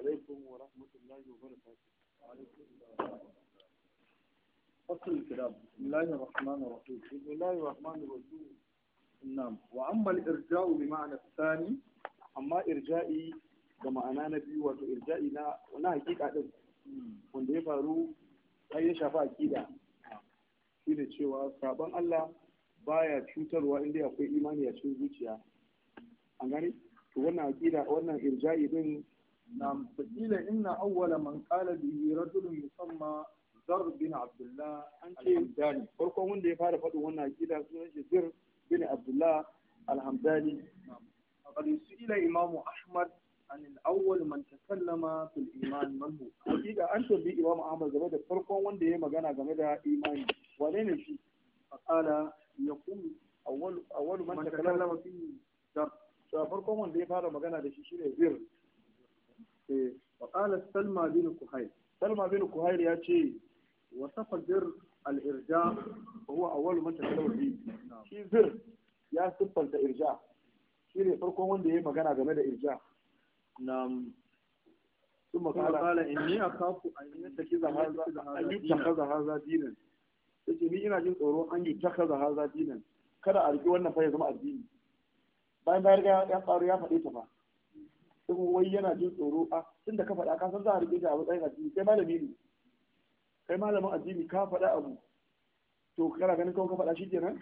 alaikum wa rahmatullahi wa barakatuh فصل الكلام بسم الله الرحمن الرحيم بسم الله الرحمن الرحيم نعم din wanda ya faru ai ya shafa akida cewa sabon Allah baya cutarwa inda akwai imani a zuciya an gane to wannan akida wannan irja'i din نعم فقيل إن أول من قال به رجل يسمى زر بن عبد الله الحمداني فلقوا من دي فارفة فدو هنا كده ذر بن عبد الله الحمداني نعم فقد سئل إمام أحمد عن الأول من تكلم في الإيمان من هو حقيقة أنت بي إمام أحمد زبادة فلقوا من دي مغانا جميل إيمان ولين الشيء فقال يقول أول أول من من تكلم فيه ذر فلقوا من دي فارفة مغانا دي شيء زر wa qala salma bin kuhayl salma bin kuhayl ya ce wa safadar al-irja wa huwa awwal man takallam bi shi zir ya siffanta irja shi ne farkon wanda ya yi magana game da irja nam ثم قال قال اني اخاف ان يتخذ هذا ان يتخذ هذا دينا yace ni ina jin tsoro an yi takaza haza dinan kada a riƙe wannan fa ya zama addini bayan bayar ya faru ya faɗe ta fa kuma wai yana jin tsoro a ah, tun da ka faɗa ka san za a rike shi a matsayin addini kai malami ne kai malamin addini ka faɗa abu to kana ganin kawai ka faɗa shi kenan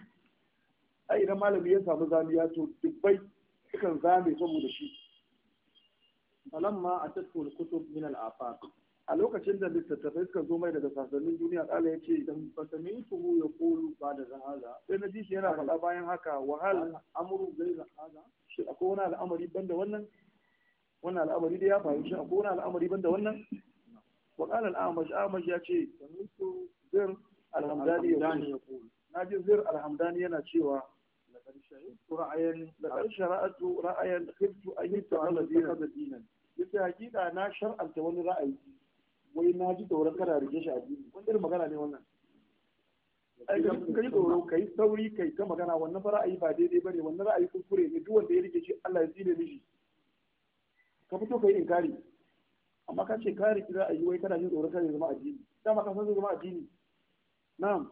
ai idan malami ya samu zamiya to dubbai sukan zame saboda shi falamma atattu al-kutub min al-afaq a lokacin da littattafai suka zo mai daga sassanin duniya tsala ya ce idan dan fasami su ya kulu ba da zahaza sai na ji shi yana faɗa bayan haka wahala amuru zai zahaza shi akwai wani al'amari banda wannan wannan al'amari da ya faru shi akwai wani al'amari banda wannan wa qala al-amash amash ya ce zir al-hamdani ya kulu naji zir al-hamdani yana cewa laqad shahidtu ra'ayan laqad shara'tu ra'ayan khiftu an yutala dinan yace hakika na shar'anta wani ra'ayi wai na ji tsoron kada rike shi a jini wani irin magana ne wannan ai ka ji tsoro ka yi sauri ka yi ta magana wannan fa ra'ayi ba daidai ba ne wannan ra'ayi kuskure ne duk wanda ya rike shi Allah ya tsine mishi ka fito ka yi inkari amma ka ce kare ki za a yi wai kana jin tsoron kare zama addini dama ka san zama addini na'am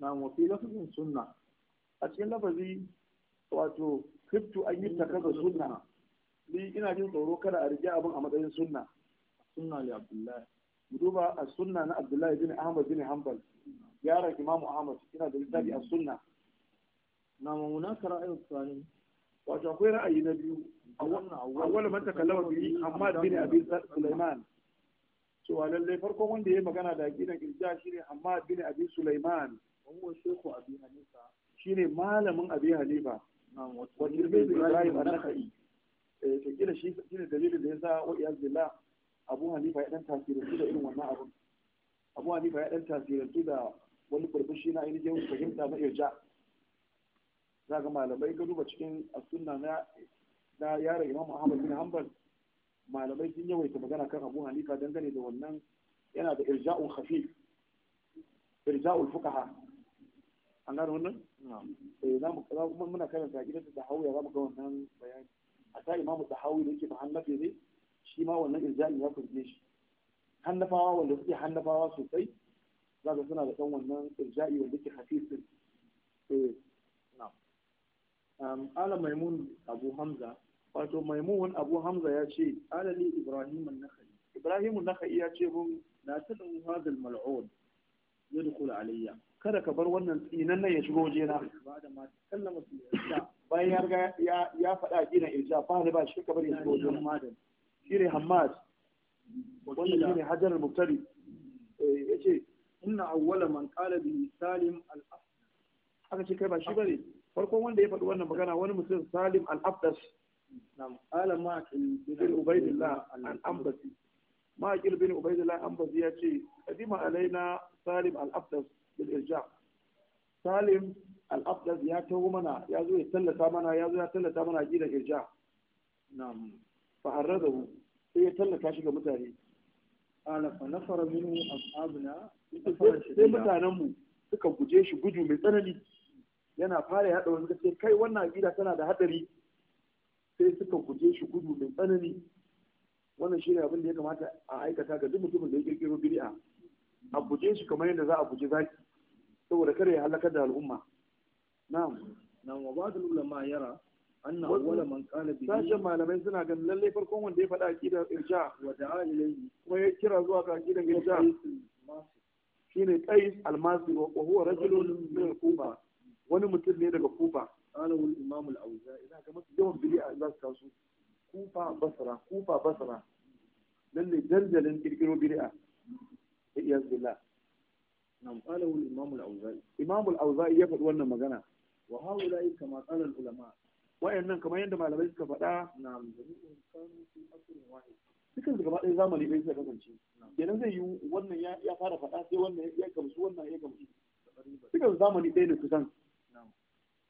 na mafi lafazin sunna a cikin lafazi wato kripto an yi takaza sunna ni ina jin tsoro kada a rige abin a matsayin sunna sunna li abdullahi mu duba a sunna na abdullahi bin ahmad bin hanbal yaran imamu ahmad ina da littafi a sunna na mamuna kara sani wato akwai ra'ayi na biyu awwal man takallama bihi Hamad bin Abi Sulaiman cewa lallai farkon wanda ya magana da aqidan irja shine Hamad bin Abi Sulaiman wa shaykhu Abi Hanifa shine malamin Abi Hanifa wa Tirmidhi Ibrahim an-Nakhai eh to kila shi shine dalilin da yasa wa iyaz billah Abu Hanifa ya dan tasirantu da irin wannan abun Abu Hanifa ya dan tasirantu da wani burbushi na ainihin fahimta na irja za malamai ga duba cikin sunna na na yaron imam ahmad bin hanbal malamai sun yawaita magana kan abu hanifa dangane da wannan yana da irja'un khafif irja'ul fuqaha an gano wannan eh za mu muna karanta gidan da hawiya za mu ga wannan bayani a ta imam tahawi da yake ba hannafe ne shi ma wannan irja'in ya kurje shi hannafawa wanda suke hannafawa sosai za ka suna da ɗan wannan irja'i wanda yake khafif din eh na'am ala maimun abu hamza wato maimun abu hamza ya ce alali ibrahim an-nakhai ibrahim an-nakhai ya ce mun la tad'u hadha al-mal'un yadkhul alayya kada ka bar wannan tsinan nan ya shigo waje na bayan ya riga ya faɗa gina irja fa ba shi ka bar ya shigo waje na shine hammad wannan shine hajar al-muqtadi eh, yace inna awwala man qala bi salim al-afdal aka ce kai ba shi bane farkon wanda ya faɗi wannan magana wani mutum salim al-afdas نعم قال معقل بن عبيد الله الأنبسي معقل بن عبيد الله الأنبسي يأتي قدم علينا سالم الأفدس بالإرجاع سالم الأفدس يأتيه منا يأتيه يتلتا منا يأتيه نعم فعرضه sai ya tallata shi ga mutane. Ala sai mutanenmu suka guje shi gudu mai tsanani yana fara yaɗa wani gaske kai wannan gida tana da hadari sai suka guje shi gudu mai tsanani wannan shi ne abin da ya kamata a aikata ga duk mutumin da ya kirkiro bid'a a guje shi kamar yadda za a guje zaki saboda kada ya halakar da al'umma na'am nan wa ba'd ulama yara anna awwala man qala bihi sashen malamai suna ganin lalle farkon wanda ya faɗa aqidar irja wa da'a ilayhi kuma ya kira zuwa ga aqidar irja shine qais al-masri wa huwa rajulun min kufa wani mutum ne daga kufa qalahu الامام الاوزاعي اذا كما ina ga mafi yawan kufa basra kufa basra بلي daldalin kirkiro bid'a iyaz billah الاوزاعي ya faɗi wannan magana wa haula kama qala al-ulama wa'annan kamar yadda malamai suka faɗa nam gaba ɗaya zamani ɗaya suka kasance kenan zai yi wannan ya fara faɗa sai wannan ya gamsu wannan ya gamsu cikin zamani ɗaya ne kusan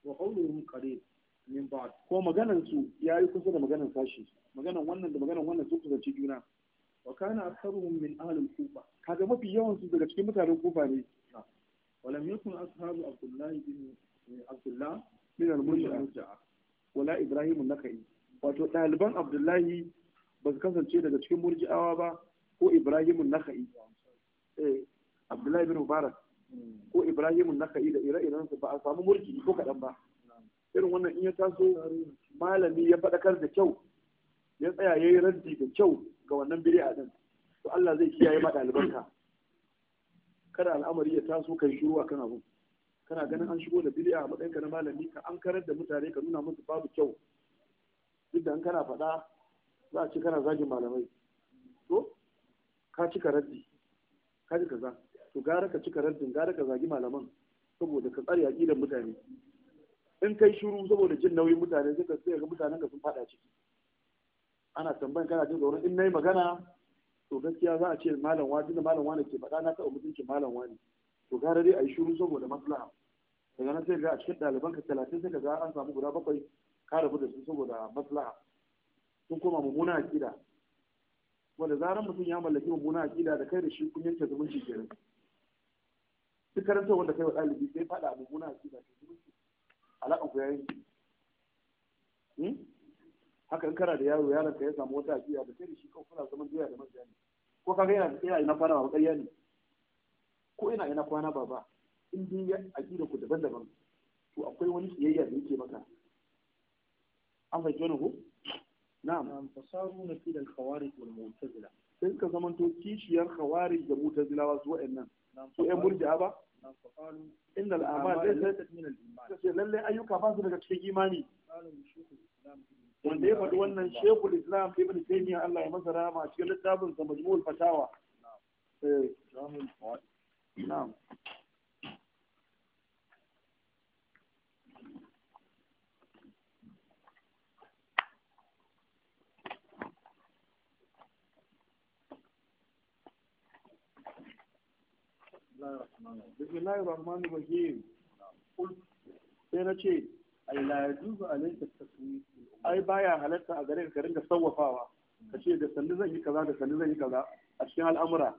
wa qawluhum qarib min ba'd ko maganan su yayi kusa da maganan sashi maganan wannan da maganan wannan sun kusanci juna wa kana aktharuhum min ahli kufa kaga mafi yawan su daga cikin mutanen kufa ne ولم يكن أصحاب عبد الله بن عبد الله من wala ولا إبراهيم النخعي wato ɗaliban abdullahi ba su kasance daga cikin murji'awa ba ko ibrahim nakhai eh abdullahi bin mubarak ko ibrahimun yi da ire-iren su ba a samu mulki ko kaɗan ba irin wannan in ya taso malami ya faɗakar da kyau ya tsaya ya yi raddi da kyau ga wannan bid'a ɗin. to Allah zai kiyaye ma ɗalibanka kada al'amari ya taso kai shiru kan abu kana ganin an shigo da bid'a a matsayinka na malami ka an karar da mutane ka nuna musu babu kyau duk da kana faɗa za a ce kana zagin malamai to ka cika raddi ka ji kaza to gara ka cika rantin gara ka zagi malaman saboda ka tsare aƙidar mutane in kai shiru saboda jin nauyin mutane sai ka sai ga mutanen ka sun fada ciki ana tambayan kana jin tsoron in nayi magana to gaskiya za a ce malam wani da malam wani ke faɗa na taɓa mutuncin malam wani to gara dai a yi shiru saboda maslaha daga nan sai ga a cikin ɗaliban ka talatin sai ka ga an samu guda bakwai ka rabu da su saboda maslaha sun koma mummuna aƙida wanda zaran mutum ya mallaki mummuna aƙida da kai da shi kun yanke zumunci kenan duk karanta wanda kai wa ɗalibi sai faɗa a mummuna a cikin zumunci alaƙa ku yayin hmm? haka in kana da yaro yaron ka ya samu wata ajiya da sai da shi kawai kuna zaman doya da manja ne ko ga yana ina ina kwana ba ƙarya ne ko ina ina kwana ba ba in dai ya aƙida ku daban-daban to akwai wani siyayya da yake maka an fahimci wani ko na'am fasaru na fi da khawarij wal mu'tazila sai suka zamanto kishiyar khawarij da mu'tazilawa su wa'annan su ‘yan murji'a ba? Inna al'amal zai lalle ayyuka ba su daga cikin imani. Wanda ya faɗi wannan Shekul Islam Ibn Taymiyyah Allah ya masa rahama a cikin littafin sa Majmu'ul Fatawa. Na'am. Eh. bismillahir rahmanir rahim sai na baya halarta a gare ka ringa sawwafawa ka ce da sannu zan yi kaza da sannu zan yi kaza a cikin al'amura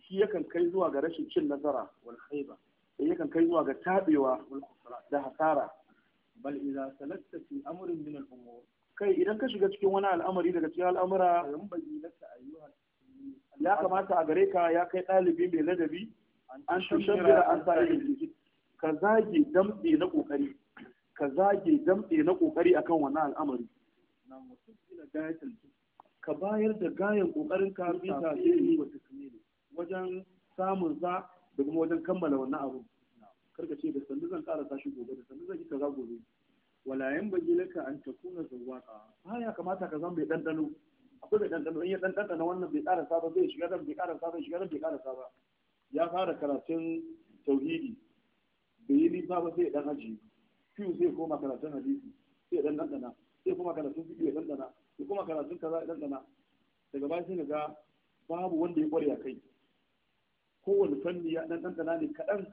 shi yakan kai zuwa ga rashin cin nasara wal khayba sai yakan kai zuwa ga tabewa da hasara bal idza salakta fi amrin min al kai idan ka shiga cikin wani al'amari daga cikin al'amura yan ya kamata a gare ka ya kai ɗalibi mai ladabi an tushabbira an sa'i ka zage damɗe na ƙoƙari ka zage damɗe na ƙoƙari akan wannan al'amari ka bayar da gayan ƙoƙarin ka bi wajen samun sa da kuma wajen kammala wannan abu karka ce da sandu zan ƙara tashi gobe da sandu zan yi kaza gobe Walayen yan bayyana ka an takuna zawaka ya kamata ka zama mai ɗanɗano akwai da dandano in ya ɗan ɗanɗana wannan bai ƙarasa saba, zai shiga dan bai ƙarasa ba shiga dan bai ƙarasa saba ya fara karatun tauhidi bai yi nifa ba sai ɗan aji fiye zai koma karatun hadisi sai ɗan ɗanɗana sai kuma karatun fiye ya ɗanɗana sai kuma karatun kaza dan ɗanɗana daga baya sai ga babu wanda ya ƙware a kai kowane fanni ya dan ɗanɗana ne kaɗan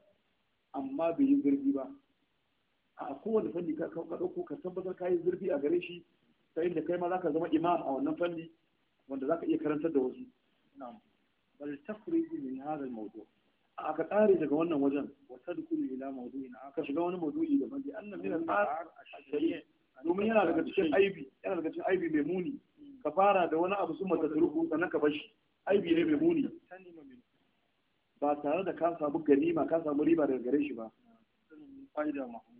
amma bai yi zurfi ba a kowane fanni ka ɗauko ka tabbatar ka yi zurfi a gare shi ta inda kai ma za ka zama imam a wannan fanni wanda za ka iya karantar da wasu na'am bal ne min hadha maudu. a aka tsare daga wannan wajen wa tadkhulu ila mawdu'in aka shiga wani mawdu'i da bai annan min al-ar ash-shay'i domin yana daga cikin aibi yana daga cikin aibi mai muni ka fara da wani abu summa tatruku sannan ka bashi aibi ne mai muni ba tare da ka samu ganima ka samu riba daga gare shi ba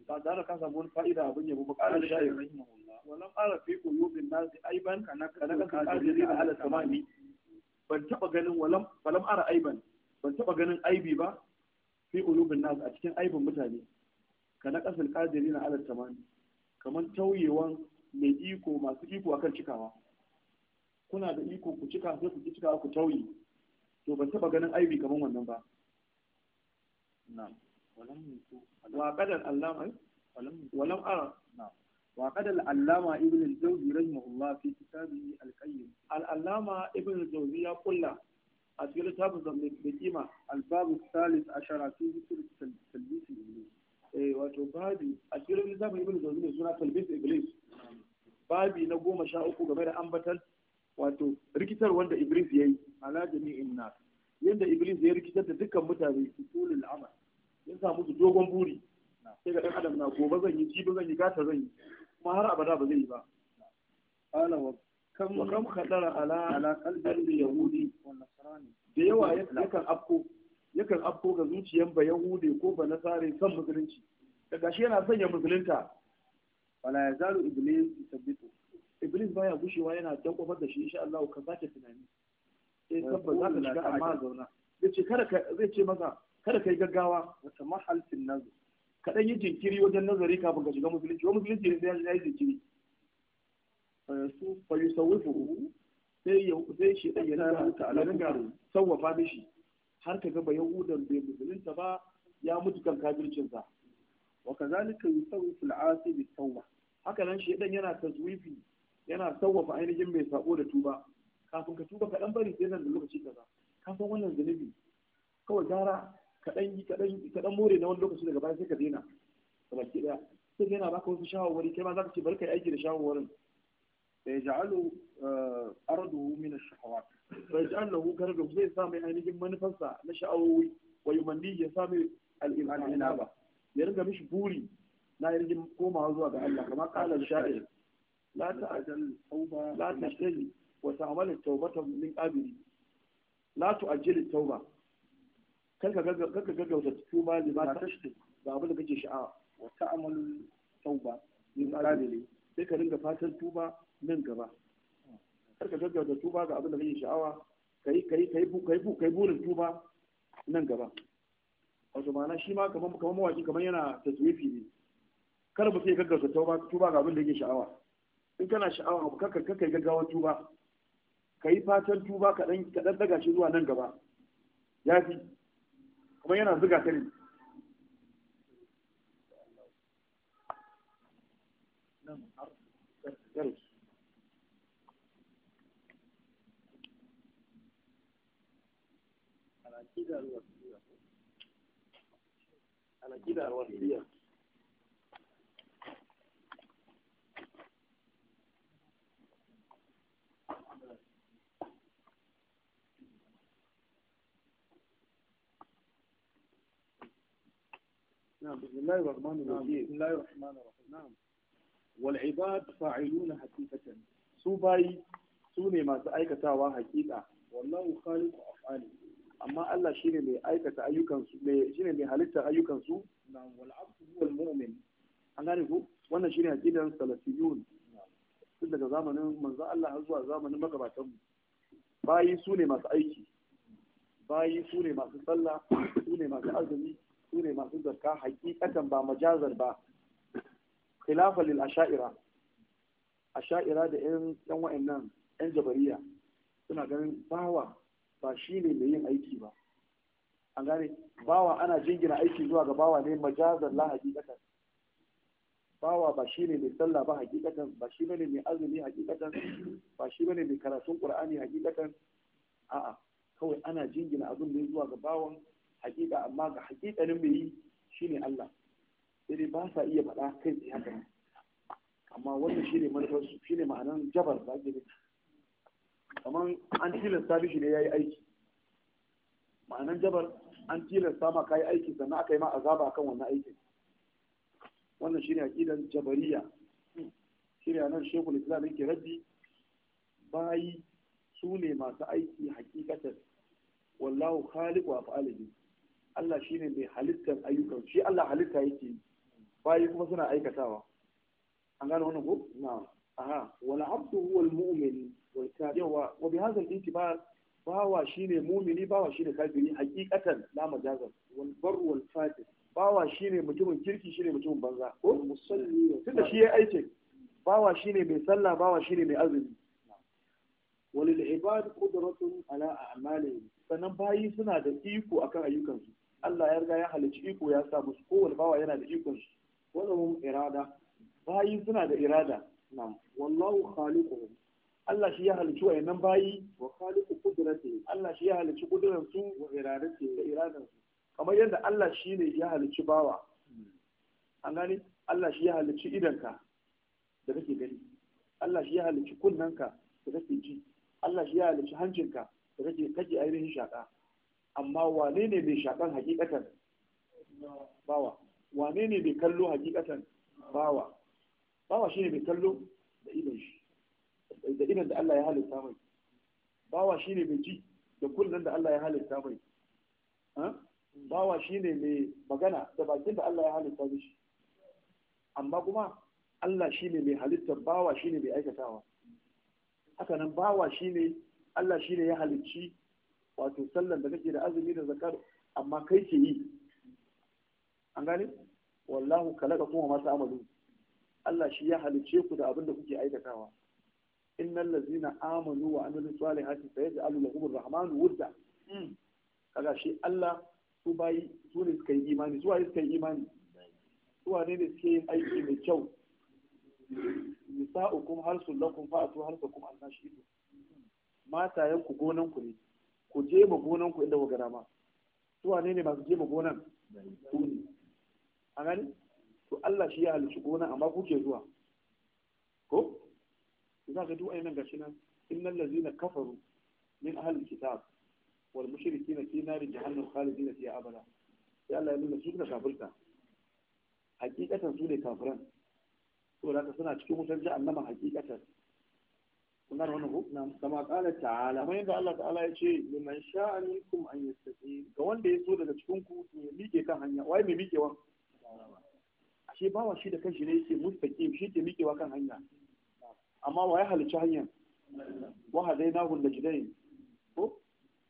ba tare da ka samu wani fa'ida abin yabo ba ƙarar sha'ir walam ara fi qulubin nasi aiban kana kafirin ala tamami ban taba ganin ara aiban ban taba ganin aibi ba fi qulubin nas a cikin aibin mutane kana kasal qadirin ala tamami kaman tauyewan mai iko masu iko akan cikawa kuna da iko ku cika sai ku cika ku tauye to ban taba ganin aibi kaman wannan ba na'am ara وقد العلامة ابن الجوزي رحمه الله في كتابه القيم العلامة ابن الجوزي يقول أسئلة تابع بكيمة الباب الثالث عشر في ذكر تلبيس إبليس إيه وتبادي أسئلة تابع ابن الجوزي سنة تلبيس إبليس babi na goma sha uku game da ambatan wato rikitar wanda Iblis ya yi ala jami'in na yadda Iblis ya rikitar da dukkan mutane su tulul amal ya samu musu dogon buri sai ga ɗan adam na gobe zan yi jibi zan yi gata zan yi kuma har abada ba zai yi ba qala wa kam kam khadara ala ala qalbi yahudi da yawa yakan afko yakan afko ga zuciyan ba yahudi ko ba nasare kan musulunci daga shi yana sanya musulunta wala yazalu iblis yusabbitu iblis baya gushewa yana dan kofar da shi insha Allah ka sake tunani eh tabbas za ka shiga amma zauna zai ce kada zai ce maka kada kai gaggawa wata mahal fil nazar kaɗan yi jinkiri wajen nazari kafin ka shiga musulunci wa musulunci ne sai ya yi jinkiri eh, su fayu fuhu sai ya sai shi ɗan yana mutu a lalaka sauwafa mishi har ka gaba yahudan bai musulunta ba ya mutu kan kafircinsa wa ka yi yusawwifu al'asi bi sauwa haka nan shi ɗan yana tazwifi yana sauwafa ainihin mai sako da tuba kafin ka tuba kaɗan bari sai nan da lokaci kaza ka wannan zunubi kawai gara kaɗan yi kaɗan more na wani lokaci daga baya sai ka daina da baki ɗaya sai yana baka wasu shawarwari kai ma za ka ce bari ka yi aiki da shawarwarin fa yaj'alu eh, arduhu min ash-shahawat fa yaj'aluhu gardu zai sa mai ainihin manufarsa na sha'awowi wa yumanni ya sa mai al-inaba ya ringa mishi buri na ainihin komawa zuwa ga Allah kamar qala shair la ta'jal tauba la tajtali wa ta'mal at-taubata min qabli la tu'ajjil at-tauba kar ka gaggauta tuma da ba ta shi ga abin da kake sha'awa wa ta'amalu tauba min ne. sai ka ringa fatan tuba nan gaba kar ka gaggauta tuba ga abin da kake sha'awa kai kai kai bu kai bu kai burin tuba nan gaba wato ma'ana shi ma kamar kamar mawaki kamar yana taswifi ne kar mu sai gaggauta tuba tuba ga abin da yake sha'awa in kana sha'awa abu kakka kakka gaggawa tuba kai fatan tuba kaɗan kaɗan daga shi zuwa nan gaba ya fi kun yana zuga ta ne. Alakida نعم بسم الله الرحمن الرحيم الله الرحمن الرحيم والعباد فاعلون حقيقة su bayi su ne masu aikatawa hakika wallahu af'ali amma Allah shine mai aikata mai shine mai halitta ayyukansu na'am wal abdu huwal mu'min an gane ku wannan shine salafiyun tun daga zamanin manzo Allah har zuwa zamanin magabatan mu bayi su ne masu aiki bayi su ne masu sallah su ne masu azumi su ne masu zarka hakikatan ba majazar ba khilafa lil asha'ira asha'ira da yan yan wa'annan yan jabariya suna ganin bawa ba shi ne mai yin aiki ba an gane bawa ana jingina aiki zuwa ga bawa ne majazar la hakikatan bawa ba shi ne mai sallah ba hakikatan ba shi bane mai azumi hakikatan ba shi bane mai karatun qur'ani hakikatan a'a kawai ana jingina abin ne zuwa ga bawan hakika amma ga hakikanin mai yi shine Allah sai dai ba sa iya faɗa kai tsaye haka amma wannan shine manufar su shine ma'anan jabar da ake da kamar an tilasta mishi ne yayi aiki ma'anan jabar an tilasta ma kayi aiki sannan aka yi ma azaba kan wannan aikin wannan shine aqidan jabariya shine anan shekul islam yake rabbi bayi su ne masu aiki hakikatar wallahu khaliqu af'alihi Allah shi ne mai halittar ayyukan shi Allah halitta yake yi bayi kuma suna aikatawa an gano wannan ko na aha wala abdu huwa almu'min wal kafir yawa wa bi hadha al-intibar bawa shine mu'mini bawa shine kafiri haqiqatan la majazan wal bar wal fajir bawa shine mutumin kirki shine mutumin banza ko musalli tunda shi ya aike bawa shine mai sallah bawa shine mai azumi walil ibad qudratun ala a'malihim sanan bayi suna da iko akan ayyukansu Allah ya riga ya halicci iko ya sa musu kowane bawa yana da ikon su wannan mun irada bayi suna da irada nam wallahu khaliquhum Allah shi ya halicci wayannan bayi wa khaliqu qudrati Allah shi ya halicci kudurar su wa iradati da iradan su kamar yadda Allah shi ne ya halicci bawa an gani Allah shi ya halicci idanka da kake gani Allah shi ya halicci kunnanka da kake ji Allah shi ya halicci hancinka da kake kake ainihin shaka amma wane ne mai shakan hakikatan bawa wane ne mai kallo hakikatan bawa bawa shine mai kallo da idan shi da idan da Allah ya halitta mai bawa shine mai ji da kullun da Allah ya halitta mai bawa shine mai magana da bakin da Allah ya halitta shi. amma kuma Allah shine mai halittar bawa shine mai aikatawa haka nan bawa shine Allah shine ya halicci wato sallan da kake da azumi da zakar amma kai ke yi an gane wallahu kalaka kuma masu amalu Allah shi ya halice ku da abin da kuke aikatawa innal ladzina amanu wa amilu salihati sayaj'alu lahum arrahmanu wudda hmm. kaga shi Allah su bai su ne suka yi imani su waye suka yi imani su wane ne suke yin aiki mai kyau nisa'ukum harsul lakum fa'atu harsakum annashidu matayen ku gonan ku ne ku je ma gonan ku inda ku ma su wane ne masu je ma gonan su ne a gani to Allah shi ya halicci gonan amma ku ke zuwa ko za ka duwa nan gashi nan innal ladzina kafaru min ahli kitab wal mushrikina fi nari jahannam khalidina fiha abada ya Allah ya nuna su da kafirta hakikatan su ne kafiran to da suna cikin wutar jahannama hakikatan kuna da wannan hukum kama kala ta'ala kamar yadda Allah ta'ala ya ce liman sha'a minkum an yastaqim ga wanda ya so daga cikin ku ya miƙe kan hanya wai mai miƙewa ashe bawa shi da kanshi ne yake mustaqim shi ke miƙewa kan hanya amma wa ya halicci hanyar wa hadainahu najdain ko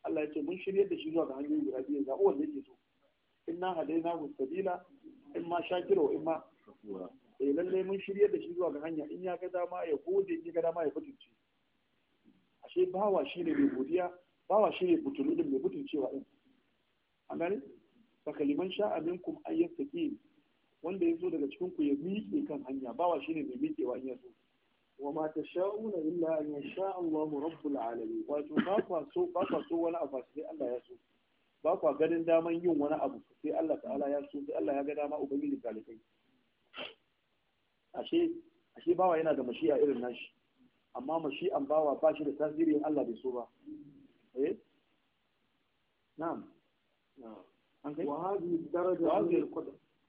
Allah ya ce mun shirye da shi zuwa ga hanyoyi guda biyu zaɓo wanda yake so inna hadainahu sabila in ma shakira wa in ma eh lallai mun shirye da shi zuwa ga hanya in ya ga dama ya gode in ya ga dama ya fitince ashe bawa shi ne mai godiya bawa shi ne butulu din mai cewa din an gane saka liman sha'a minkum an yastaqim wanda ya zo daga cikin ku ya miƙe kan hanya bawa shi ne mai miƙewa in ya zo wa ma sha'una illa an yasha Allahu rabbul alamin wato ba kwa so ba kwa so wani abu sai Allah ya so ba kwa ganin daman yin wani abu sai Allah ta'ala ya so sai Allah ya ga dama ubangiji talibai ashe ashe bawa yana da mashiya irin nashi amma an bawa ba shi da tasirin Allah bai so ba eh na'am an kai wa hadhihi daraja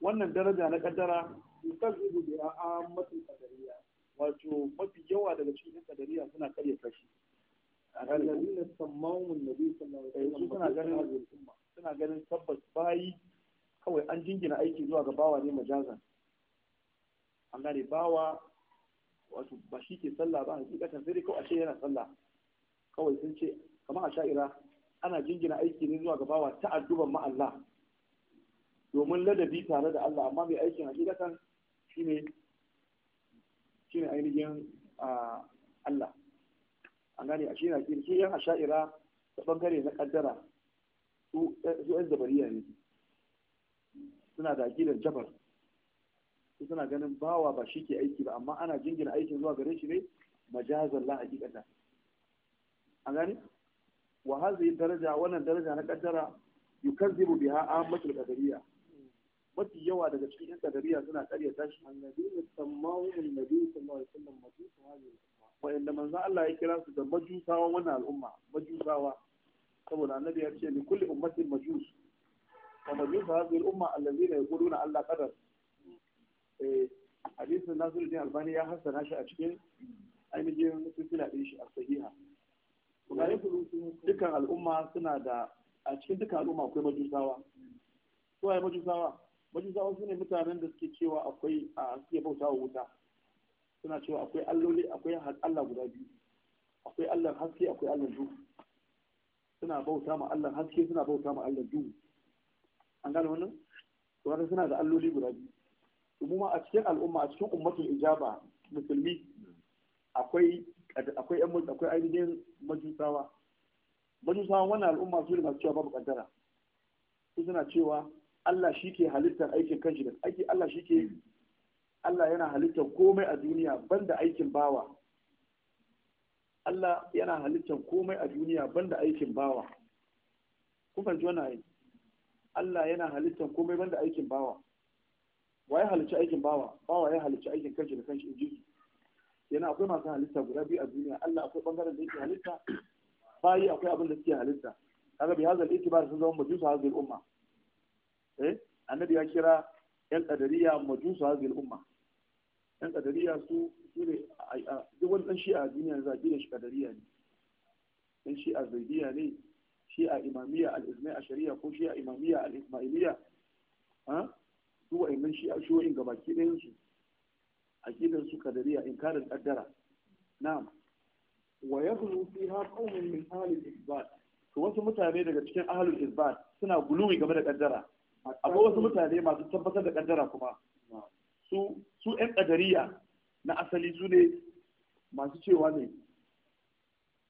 wannan daraja na kaddara da bi ammatul qadariyya wato mafi yawa daga cikin qadariyya suna karyata shi alladhina sammahum an-nabi sallallahu alaihi wasallam eh, suna ganin suna ganin tabbas bayi kawai an jingina aiki zuwa ga bawa ne majazan an gane bawa wato ba shi ke sallah ba hakikatan sai dai kawai ashe yana sallah kawai sun ce kamar a sha'ira ana jingina aiki ne zuwa gabawa ta addu'an ma Allah domin ladabi tare da Allah amma mai aikin hakikatan shine shine ainihin Allah an gane a shine hakikatan shi yan sha'ira ta bangare na kaddara su yan zabariya ne suna da gidan jabar su suna ganin bawa ba shi ke aiki ba amma ana jingina aikin zuwa gare shi ne majazan la hakikata A gani wa hazi daraja wannan daraja na kaddara yukazzibu biha amatul qadariya mafi yawa daga cikin yan qadariya suna kariya tashi annabi sallallahu alaihi wasallam majusu Wa inda manzo Allah ya kira su da majusawa wannan al'umma majusawa saboda annabi ya ce ni kulli ummatin majus wa majusa hazi al'umma allazina yaquluna Allah qadar Eh, hadisin Nasiruddin Albani ya hassana shi a cikin ainihin silsila ɗin shi a sahiha kuma dukkan al'umma suna da a cikin dukkan al'umma akwai majusawa su waye majusawa majusawa su ne mutanen da suke cewa akwai a suke bauta wa wuta suna cewa akwai alloli akwai Allah guda biyu akwai Allah haske akwai Allah duhu suna bauta ma Allah haske suna bauta ma Allah duhu an gane wannan to suna da alloli guda biyu ma a cikin al'umma a cikin ummatul ijaba musulmi akwai akwai yan akwai ainihin majusawa majusawa wannan al'umma su ne masu cewa babu kaddara su suna cewa Allah shi ke halittar aikin kanshi da aiki Allah shi ke Allah yana halittar komai a duniya banda aikin bawa Allah yana halittar komai a duniya banda aikin bawa kun fahimci wannan Allah yana halittar komai banda aikin bawa wa ya halicci aikin bawa bawa ya halicci aikin kanshi da kanshi inji yana akwai masu halitta guda biyu a duniya Allah akwai bangaren da yake halitta bayi akwai abin da suke halitta kaga bi hazal itibar sun zama majusa hazil umma eh annabi ya kira yan kadariya majusa hazil umma yan kadariya su sune duk wani dan shi'a a duniya za a gina shi kadariya ne dan shi'a zaidiya ne shi'a imamiyya al-ismail ashariya ko shi'a imamiyya al-ismailiyya ha su wa'annan shi a shoyin ga baki ɗayan su aqidan su kadariya inkarin qaddara na'am wa yaghlu fiha qaumun min ahli al-isbat to wasu mutane daga cikin ahlul isbat suna guluwi game da kaddara akwai wasu mutane masu tabbatar da kaddara kuma su su ƴan kadariya na asali su ne masu cewa ne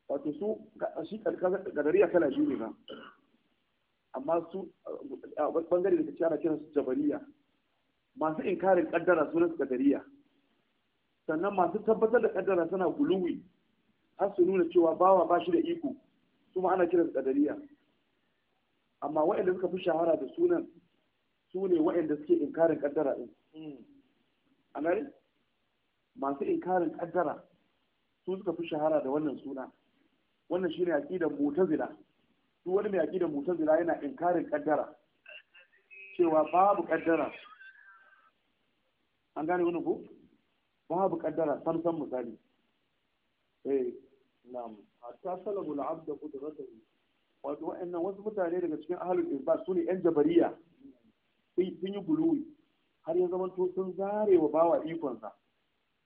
wato su shi kadariya kala biyu ne ba amma su bangare da ana kiransu jabariya masu inkarin kaddara suna kadariya sannan masu tabbatar da kaddara suna guluwi har su nuna cewa bawa ba shi da iko su ma ana kiransu kadariya amma waɗanda suka fi shahara da sunan su ne waɗanda suke inkarin kaddara din a masu inkarin kaddara su suka fi shahara da wannan suna wannan shine aqidar mu'tazila su wani mai aqidar mu'tazila yana inkarin kaddara cewa babu kaddara an gane wani ko babu kaddara sam sam misali eh na'am hatta salabu al'abd qudratuhu wato wa'annan wasu mutane daga cikin ahlul ibad su ne yan jabariya Sai sun yi buluwi har ya zama to sun zare wa bawa ikonsa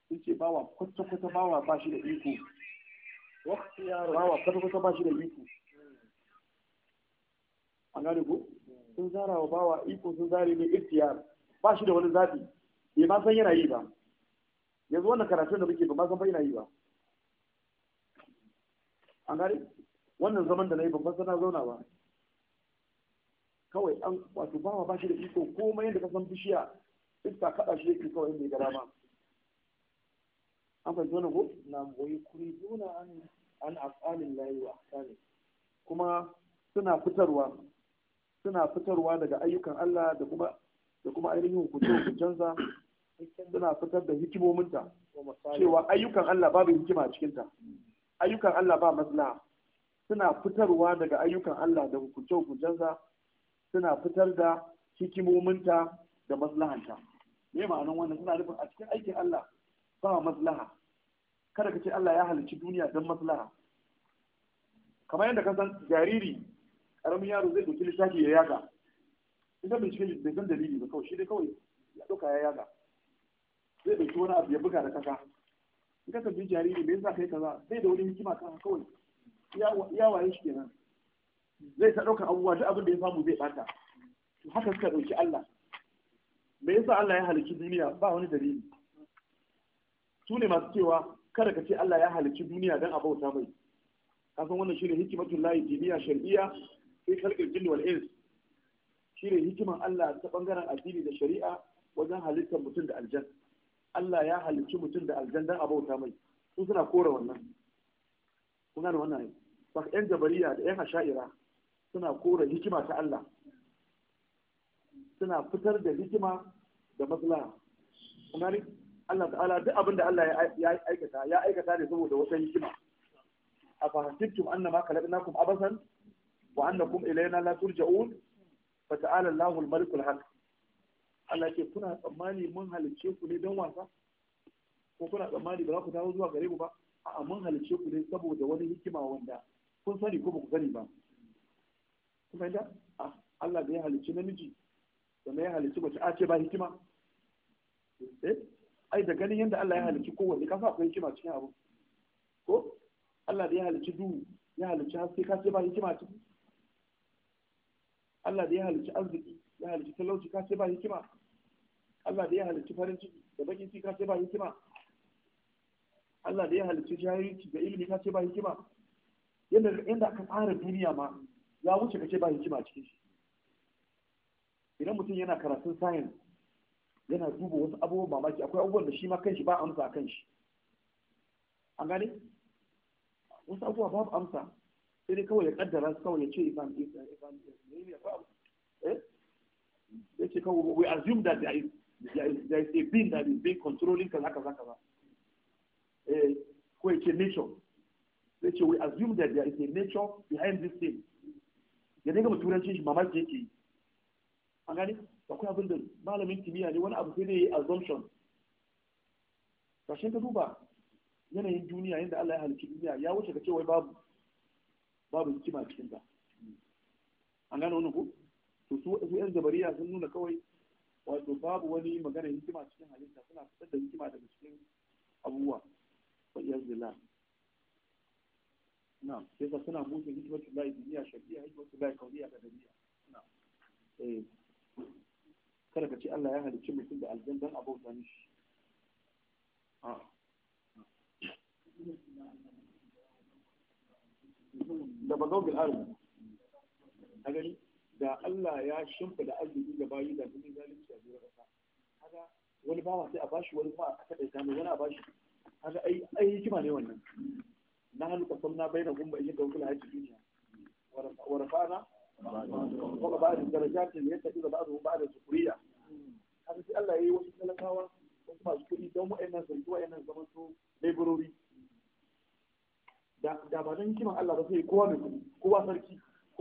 sun ce bawa kwata kwata bawa ba shi da iko bawa kwata kwata ba shi da iko an gane ko hmm. sun zara wa bawa iko sun zare mai iftiyar ba shi da wani zaɓi bai ma san yana yi ba yanzu wannan karatun da muke ba ma san yana yi ba an gari wannan zaman da na yi ba san na zauna ba kawai an wato bawa ba shi da iko komai yadda ka san bishiya iska kaɗa shi yake kawai mai gara ma an fahimci wannan ko na boye kuri zuna an an afalin layi wa kuma suna fitarwa suna fitarwa daga ayyukan Allah da kuma da kuma ainihin hukuncin hukuncensa suna fitar da hikimominta cewa ayyukan Allah babu hikima a cikinta ayyukan Allah ba maslaha suna fitarwa daga ayyukan Allah da hukunce-hukuncensa suna fitar da hikimominta da maslahanta me ma'anan wannan suna nufin a cikin aikin Allah ba maslaha kada ka ce Allah ya halicci duniya don maslaha kamar yadda ka san jariri karamin yaro zai dauki littafi ya yaga idan bincike bai san dalili ba kawai shi dai kawai ya ɗauka ya yaga zai dauki wani abu ya buga da kasa in ka tambayi jariri me yasa kai kaza zai da wani hikima kan kawai ya waye shi kenan zai ta dauka abubuwa duk abin da ya samu zai bata to haka suka dauki Allah me yasa Allah ya halicci duniya ba wani dalili su ne masu cewa kada ka ce Allah ya halicci duniya dan a bauta mai kasan wannan shine hikimatul lahi diniya shar'iyya fi khalqil jinni wal ins shine hikiman Allah ta bangaren addini da shari'a wajen halittar mutum da aljanna Allah ya halicci mutum da aljanna a bauta mai su suna kora wannan kun gane wannan ne saka yan jabariya da yan asha'ira suna kora hikima ta Allah suna fitar da hikima da maslaha kun gane Allah ta'ala duk abin da Allah ya aikata ya aikata ne saboda wata hikima a fahimtum annama khalaqnakum abasan wa annakum ilayna la turja'un fa ta'ala Allahul malikul haq Allah ke kuna tsammani mun halicce ku ne don wasa ko kuna tsammani ba za ku dawo zuwa gare mu ba a'a mun halicce ku ne saboda wani hikima wanda kun sani ko ba ku sani ba kun fahimta ah, Allah da ya halicci namiji sannan ya halicci mace a ce ba hikima eh ai da ganin yanda Allah ya halicci kowanne ka sa akwai hikima cikin abu ko Allah da ya halicci duhu ya halicci haske ka ce ba hikima ce? Allah da ya halicci arziki ya halici talauci ka ce ba hikima Allah da ya halicci farin ciki da bakin ciki ka ce ba hikima Allah da ya halicci jahilci da ilimi ka ce ba hikima yadda inda aka tsara duniya ma ya wuce ka ce ba hikima cikin shi idan mutum yana karatun science yana duba wasu abubuwan mamaki akwai abubuwan da shi ma kanshi ba amsa a kanshi an gane wasu abubuwa babu amsa sai dai kawai ya kaddara kawai ya ce ifan ifan ifan ifan ifan ifan eh ya ce kawai we assume that there is, there is a being that is being controlling kaza kaza kaza eh ko ya nature ya ce we assume that there is a nature behind this thing ya daga mu turancin shi mamaki yake yi an gani akwai abin da malamin kimiyya ne wani abu sai dai assumption kashin ka duba yanayin duniya yadda Allah ya halicci duniya ya wuce ka ce wai babu babu hikima cikin ta an gane wani ku to su yan jabariya sun nuna kawai wato babu wani magana hikima cikin halitta suna fitar da hikima daga cikin abubuwa wa iyaz billah na'am sai ka suna musu hikimatu lahi diniya shar'iyya hikimatu lahi kauniya da dabi'a na'am eh kada ka ce Allah ya halicci mutum da aljan dan abauta mishi a da bagau bil ardi a gani da Allah ya shimfida arziki ga bayi da cikin zalunci a jira kasa kaga wani bawa sai a bashi wani kuma aka kada ta mai wani a bashi kaga ai ai hikima ne wannan na halu kasam na bayyana gumba in ga kula haji duniya wa rafa'na wa ba'd darajatin yattaqi ba da sufuriya? kaga sai Allah yayi wasu talakawa wasu masu kuɗi don wa'annan sarki wa'annan zaman su laborori da ba don kiman Allah ba sai kowa mai kuɗi kowa sarki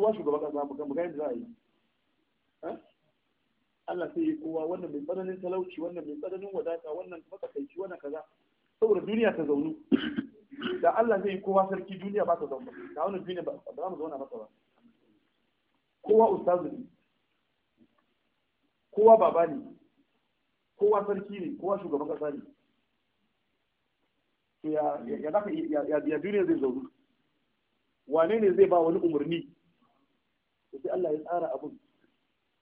kowa shugaba kasa mu kan yadda za a yi Allah sai ya kowa wannan mai tsananin talauci wannan mai tsananin wadata wannan matsakaici wannan kaza saboda duniya ta zaunu da Allah sai yi kowa sarki duniya ba ta zauna da wannan duniya ba za mu zauna masa ba kowa ustazu ne kowa baba ne kowa sarki ne kowa shugaban kasa ne ya ya ya duniya zai zaunu wane ne zai ba wani umarni to sai Allah ya tsara abun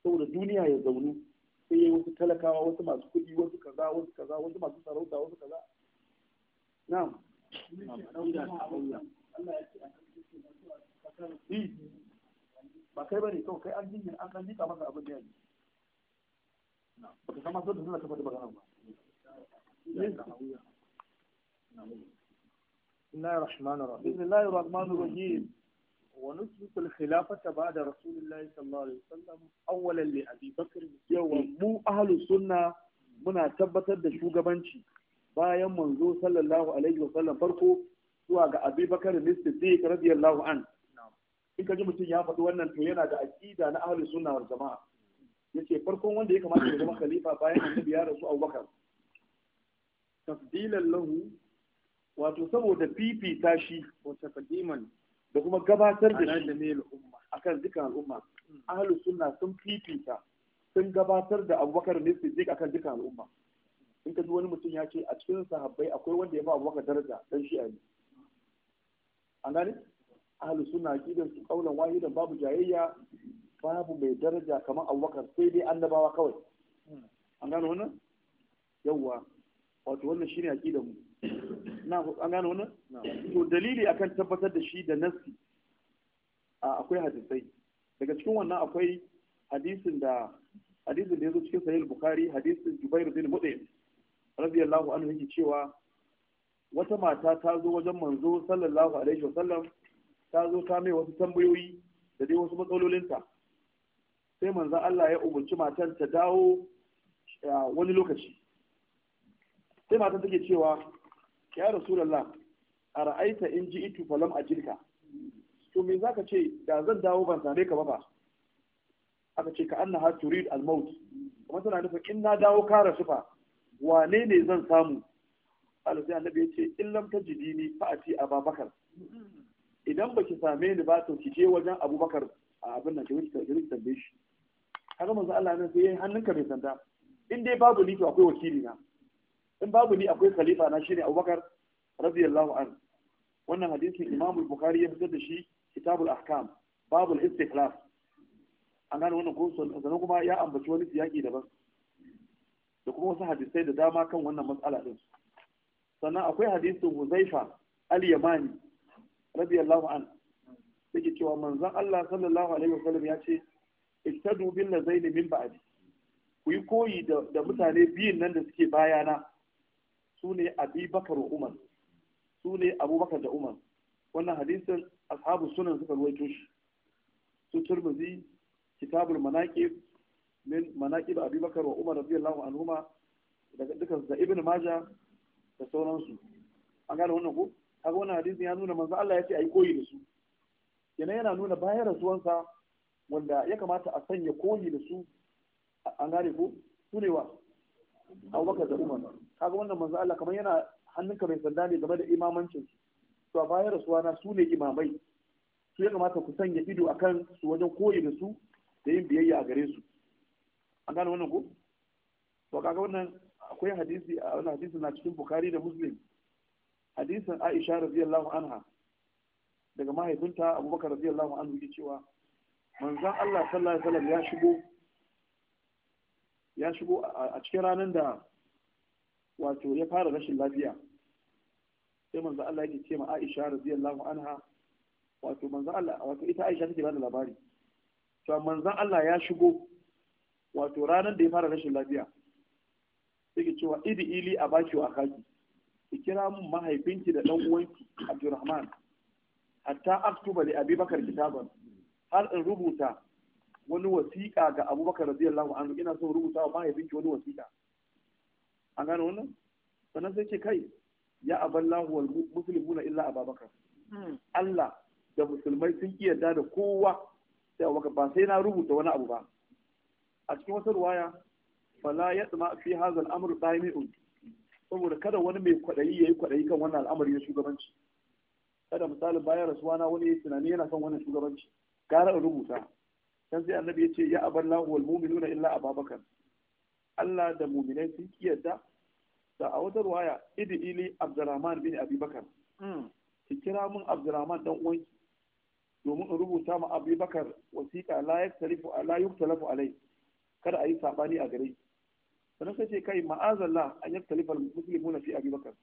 saboda duniya ya zaunu sai ya yi wasu talakawa wasu masu kuɗi wasu kaza wasu kaza wasu masu sarauta wasu kaza na'am ba kai bane kawai kai an jingina an kan jika maka abin da yaji baka san masu da suna kafa da magana ba بسم الله الرحمن الرحيم بسم الله الرحمن الرحيم ونثبت الخلافة بعد رسول الله صلى الله عليه وسلم أولا لأبي بكر يوم مو أهل السنة muna tabbatar da shugabanci bayan manzo sallallahu alaihi wa sallam farko zuwa ga abubakar ne siddiq radiyallahu an in ka ji mutum ya faɗi wannan to yana da aqida na ahlus sunna wal jamaa yace farkon wanda ya kamata ya zama khalifa bayan annabi ya rasu abubakar tafdilan lahu wato saboda fifita shi wa taqdiman da kuma gabatar da shi kan dukkan al'umma ahlus sunna sun fifita sun gabatar da abubakar ne a kan dukkan al'umma in ka ji wani mutum ya ce a cikin sahabbai akwai wanda ya ba abubakar daraja dan shi a ne an gani ahlus sunna aqidan su kaulan wahidan babu jayayya babu mai daraja kamar abubakar sai dai annabawa kawai an gane wannan yawwa wato wannan shine aqidan mu na an gano wannan to dalili akan tabbatar da shi da nassi akwai hadisai daga cikin wannan akwai hadisin da hadisin da yazo cikin sahih bukhari hadisin jubair bin mut'im radiyallahu anhu yake cewa wata mata ta zo wajen manzo sallallahu alaihi wasallam ta zo ta mai wasu tambayoyi da dai wasu matsalolinta sai manzo Allah ya umarci matan ta dawo wani lokaci sai matan take cewa ya rasulullah a ra'aita in ji itu falam a jirka to me za ka ce da zan dawo ban same ka ba ba aka ce ka annaha turid al-maut kuma tana nufin in na dawo ka rasu fa wane ne zan samu Allah sai annabi ya ce in lam tajidini fa a babakar. idan baki same ni ba to ki je wajen abubakar a abin nan ki wuce ki tambaye shi haka manzo Allah ne sai hannunka bai sanda in dai babu ni to akwai wakili na in babu ni akwai khalifa na shine Abubakar radiyallahu an wannan hadisin Imam al-Bukhari ya fitar da shi Kitabul Ahkam babul Istiqlal an gane wannan ko sannan kuma ya ambaci wani siyaki daban da kuma wasu hadisai da dama kan wannan matsala din sannan akwai hadisin Huzaifa al-Yamani radiyallahu an yake cewa manzon Allah sallallahu alaihi wasallam ya ce ittadu bil ladaini min ba'di ku yi koyi da mutane biyun nan da suke bayana su ne abubakar umar su ne abubakar da umar wannan hadisin ashabu sunan suka ruwaito shi su turmuzi kitabul manaqib min manaqib abubakar wa umar radiyallahu anhuma daga su da ibnu maja da sauransu an gane wannan ko kaga wannan hadisin ya nuna manzo Allah ya ce ayi koyi da su kenan yana nuna bayan rasuwansa wanda ya kamata a sanya koyi da su an gane ko su ne wa bakar da umar kaga wannan manzo Allah kamar yana hannunka mai sanda ne game da imamancin to a bayan rasuwa na su ne imamai su ya kamata ku sanya ido akan su wajen koyi da su da yin biyayya a gare su an gane wannan ko to kaga wannan akwai hadisi a wannan hadisi na cikin bukhari da muslim hadisin aisha radiyallahu anha daga mahaifinta abubakar radiyallahu anhu ya cewa manzon Allah sallallahu alaihi wasallam ya shigo ya shigo a cikin ranar da wato ya fara rashin lafiya sai manzo Allah yake ce ma Aisha radiyallahu anha wato manzo Allah wato ita Aisha take bada labari to manzo Allah ya shigo wato ranar da ya fara rashin lafiya take cewa idi ili a baki wa kaki ki kira mun mahaifinki da dan uwanki Abdurrahman hatta aktuba li Abi Bakar kitaban har in rubuta wani wasiƙa ga abubakar radiyallahu anhu ina son rubuta wa mahaifinki wani wasiƙa an gane wannan sannan sai ce kai ya aballahu wal muslimuna illa ababakar hmm. Allah da musulmai sun ki yarda da kowa sai abubakar ba sai na rubuta wani abu ba a cikin wata ruwaya fala ya tsama fi hadha al-amr daimi'un saboda kada wani mai kwaɗayi ya yi kwaɗayi kan wannan al'amari na shugabanci kada misalin bayan rasuwa na wani ya tunani yana son wannan shugabanci gara in rubuta kan sai annabi ya ce ya abar lahu wal mu'minuna illa ababakar Allah da mu'minai sun kiyarda da a wata ruwaya idi ili abdurrahman bin abubakar hmm. ki kira mun abdurrahman dan uwanki domin in rubuta ma abubakar wasiƙa la yaktalifu la yuktalafu alai kada a yi sabani a gare sannan sai ce kai ma'azallah an yaktalifu al-muslimuna fi abubakar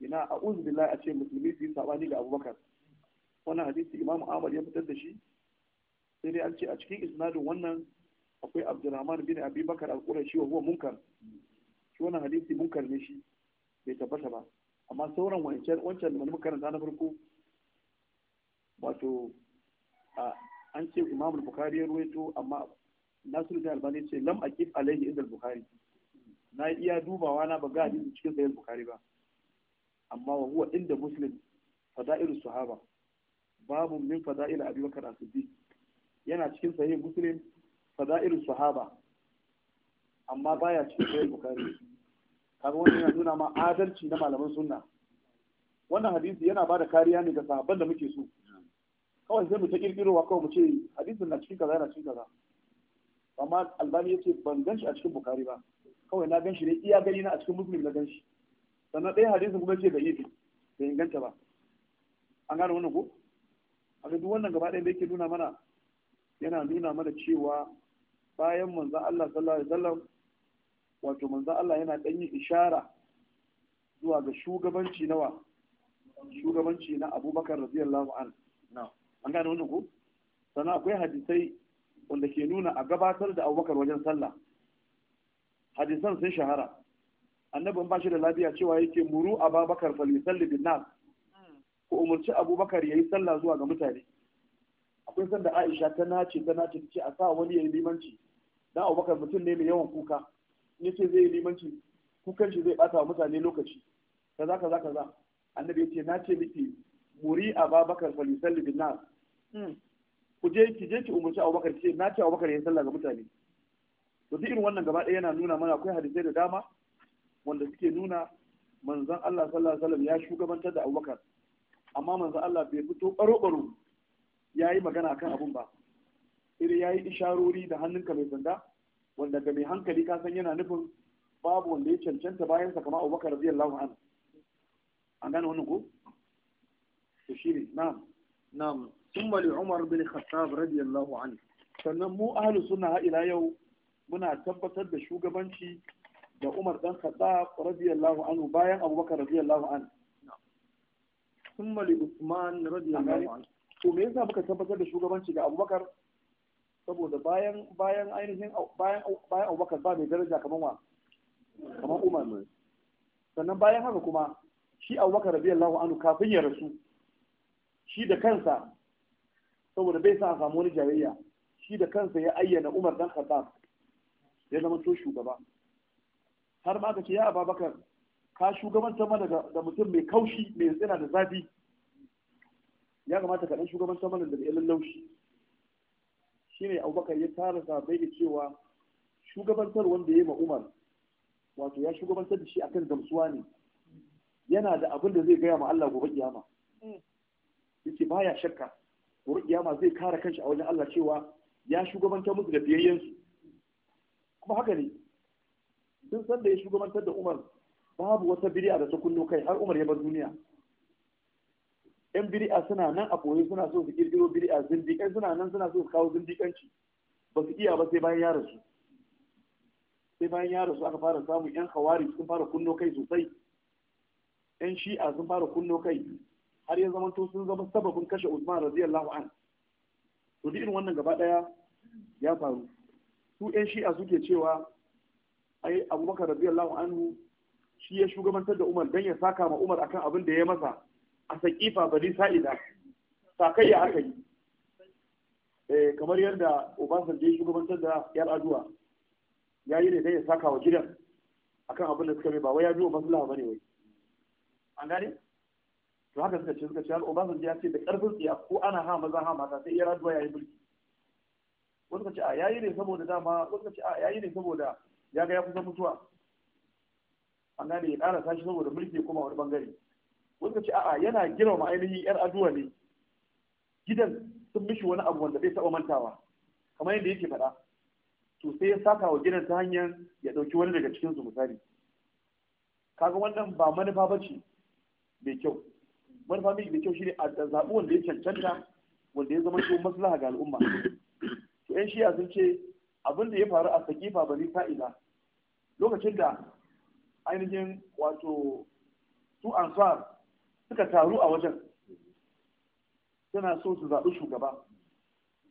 ina a'udhu billahi a ce musulmi su yi sabani ga abubakar wannan hadisi imam ahmad ya fitar da shi sai dai an ce a cikin isnadin wannan akwai abdurrahman bin abi bakar al-qurashi wa huwa munkar shi wannan hadisi munkar ne shi bai tabbata ba amma sauran wancan wancan da muka karanta na farko wato an ce imamul bukhari ya ruwaito amma nasiru da albani ce lam aqif alaihi inda bukhari na iya dubawa na ba ga hadisi cikin sahih bukhari ba amma wa huwa inda muslim fada'ilus sahaba babu min fada'il abi bakar as-siddiq yana cikin sahih muslim fada'ilus sahaba amma baya cikin sahih bukhari kaga wannan yana nuna ma adalci na malaman sunna wannan hadisi yana bada kariya ne ga sahabban da muke so kawai sai mu ta kirkirowa kawai mu ce hadisin na cikin kaza yana cikin kaza amma albani yace ban ganshi a cikin bukhari ba kawai na ganshi ne iya gani na a cikin muslim na ganshi sannan ɗaya hadisin kuma ce da yi bai inganta ba an gane wannan ko a duk wannan gaba ɗaya da yake nuna mana yana nuna mana cewa bayan manzan Allah sallallahu alaihi wasallam wato manzan Allah yana ɗan yi ishara zuwa ga shugabanci nawa shugabanci na abubakar radiyallahu an an gane wannan ku sannan akwai hadisai wanda ke nuna a gabatar da abubakar wajen sallah hadisan sun shahara annabin ba shi da lafiya cewa yake muru abubakar falisalli bin nas hmm. ku umarci abubakar ya yi sallah zuwa ga mutane kun san da Aisha ta nace ta nace ta ce a sa wani ya yi limanci dan Abubakar mutum ne mai yawan kuka in ce zai yi limanci kukan shi zai bata wa mutane lokaci kaza kaza kaza annabi ya ce na ce miki muri Abubakar fa yusalli bin nas hmm. ku je ki je ki umarci Abubakar ce na ce Abubakar ya sallah ga mutane to duk irin wannan gaba ɗaya yana nuna mana akwai hadisai da dama wanda suke nuna manzon Allah sallallahu alaihi wasallam ya shugabantar da Abubakar amma manzon Allah bai fito baro baro ya yi magana kan abun ba Iri ya yi isharori da hannunka mai sanda wanda ga mai hankali ka san yana nufin babu wanda ya cancanta bayan sa kamar Abubakar radiyallahu anhu an gane wannan ko to ne na'am na'am sun bali Umar bin Khattab radiyallahu an. sannan mu ahlu sunna ila yau muna tabbatar da shugabanci da Umar dan Khattab radiyallahu anhu bayan Abubakar radiyallahu anhu thumma li Uthman radiyallahu anhu to me yasa muka tabbatar da shugabanci ga abubakar saboda bayan bayan ainihin bayan bayan abubakar ba mai daraja kamar wa kamar umar sannan bayan haka kuma shi abubakar radiyallahu anhu kafin ya rasu shi da kansa saboda bai sa a samu wani jayayya shi da kansa ya ayyana umar dan khattab ya zama to shugaba har ma aka ce ya ababakar ka shugabantar mana da mutum mai kaushi mai tsina da zafi ya kamata ka dan ta mana da ilin laushi shine Abubakar ya tara sabai da cewa shugabantar wanda ya yi ma Umar wato ya shugabantar da shi akan gamsuwa ne yana da abin da zai gaya ma Allah gobe kiyama yace baya shakka gobe kiyama zai kara kanshi a wajen Allah cewa ya shugabantar musu da biyayyensu kuma haka ne sun san da ya shugabantar da Umar babu wata biria da ta kunno kai har Umar ya bar duniya yan bid'a suna nan a koyi suna so su kirkiro bid'a zindiƙan suna nan suna so su kawo zindiƙanci ba su iya ba sai bayan ya rasu sai bayan ya rasu aka fara samun yan hawari sun fara kunno kai sosai yan shi'a sun fara kunno kai har ya zama sun zama sababin kashe Usman radiyallahu an to duk wannan gaba daya ya faru su yan shi'a suke cewa ai Abubakar radiyallahu anhu shi ya shugabantar da Umar don ya saka ma Umar akan abin da ya masa a saƙifa bari sa'ida sakayya aka yi eh, kamar yadda obasanjo ya shugabantar da yar aduwa ya yi ne dai ya saka wa gidan akan abin da suka mai ba wai ya biyo maslaha bane wai an gane to haka suka ce suka ce obasanjo ya ce da karfin tsiya ko ana ha maza ha mata sai yar aduwa ya yi mulki wasu ka ce a yayi ne saboda dama wasu ka ce a yayi ne saboda ya ga ya kusa mutuwa an gane ya ƙara tashi saboda mulki kuma wani bangare wanda ce a'a yana gina ma ainihin yar aduwa ne gidan sun mishi wani abu wanda bai taba mantawa kamar yadda yake faɗa to sai ya saka wa gidan ta hanyar ya ɗauki wani daga cikin su misali kaga wannan ba manufa ba ce mai kyau manufa mai kyau shine a zaɓi wanda ya cancanta wanda ya zama shi maslaha ga al'umma to yan shiya sun ce abin da ya faru a sakifa bani faida lokacin da ainihin wato su ansar suka taru a wajen suna so su zaɓi shugaba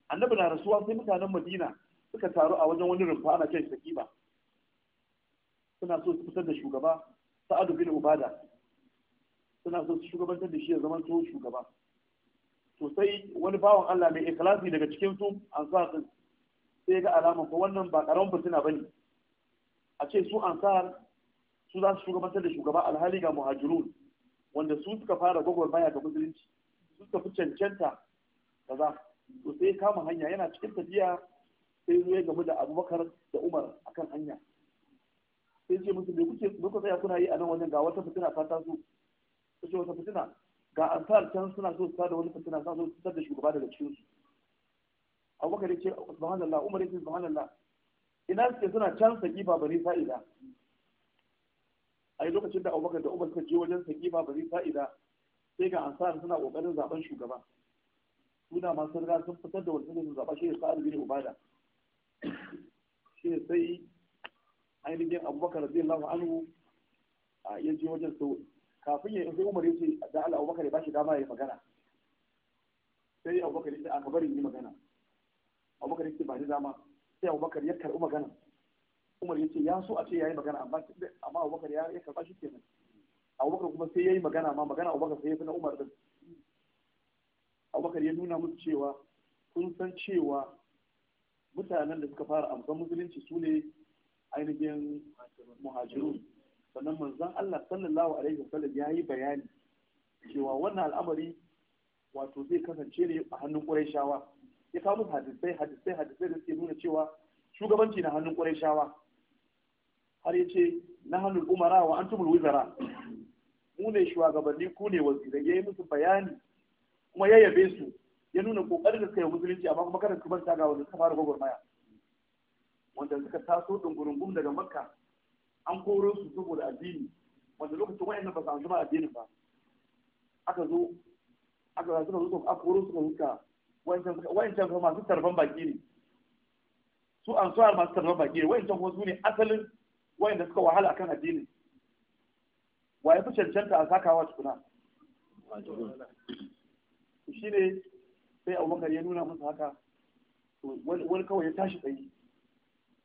annabi na rasuwa sai mutanen madina suka taru a wajen wani rumfa ana kai ba suna so su fitar da shugaba sa'adu bin ubada suna so su shugabantar da shi ya zama to shugaba Sosai wani bawan Allah mai ikhlasi daga cikin su ansar din sai ga alama ko wannan ba karamin fitina bane a ce su ansar su za su shugabantar da shugaba alhali ga muhajirun wanda su suka fara gwagwarmaya ga musulunci su suka fi cancanta kaza to sai ya kama hanya yana cikin tafiya sai zo ya gamu da abubakar da umar akan hanya sai ce musu me kuke me kuka kuna yi a nan wajen ga wata fitina ta taso ta ce wata fitina ga ansar can suna so su da wani fitina sa so su tada shugaba daga cikin su abubakar ya ce subhanallah umar ya ce subhanallah ina suke suna can saki ba bari sa'ida ai lokacin da abubakar da umar suka je wajen sakima ba zai fa'ida sai ga ansar suna kokarin zaben shugaba suna masu riga sun fitar da wani sun zaba shi ne sa'ad bin ubada shi ne sai ainihin abubakar radiyallahu anhu ya je wajen so kafin ya sai umar ya ce da Allah abubakar ya bashi dama ya magana sai abubakar ya ce a kabarin yi magana abubakar ya ce ba ni dama sai abubakar ya karɓi magana umar ya ce ya so a ce ya yi magana amma amma abubakar ya ya karɓa shi kenan abubakar kuma sai ya yi magana amma magana abubakar sai ya fi na umar din abubakar ya nuna musu cewa kun san cewa mutanen da suka fara amsan musulunci su ne ainihin muhajiru sannan manzon Allah sallallahu alaihi wasallam ya yi bayani cewa wannan al'amari wato zai kasance ne a hannun Qurayshawa ya kawo musu hadisai hadisai hadisai da suke nuna cewa shugabanci na hannun Qurayshawa har yace nahnu umara wa antumul wizara mu ne shugabanni ku ne wazirai yayi musu bayani kuma ya yabe su ya nuna kokarin da suka yi musulunci amma kuma kada su manta ga wanda suka fara gwagwarmaya wanda suka taso dungurungum daga makka an koro su saboda addini wanda lokacin nan ba su zama addinin ba aka zo aka suka zo aka koro su suka wai wa'ancan kuma masu tarban baki ne su ansar masu tarban baki ne wa'ancan kuma su ne asalin wayanda suka wahala akan addini wa ya fi cancanta a sakawa tukuna shi ne sai abubakar ya nuna masa haka wani kawai ya tashi tsaye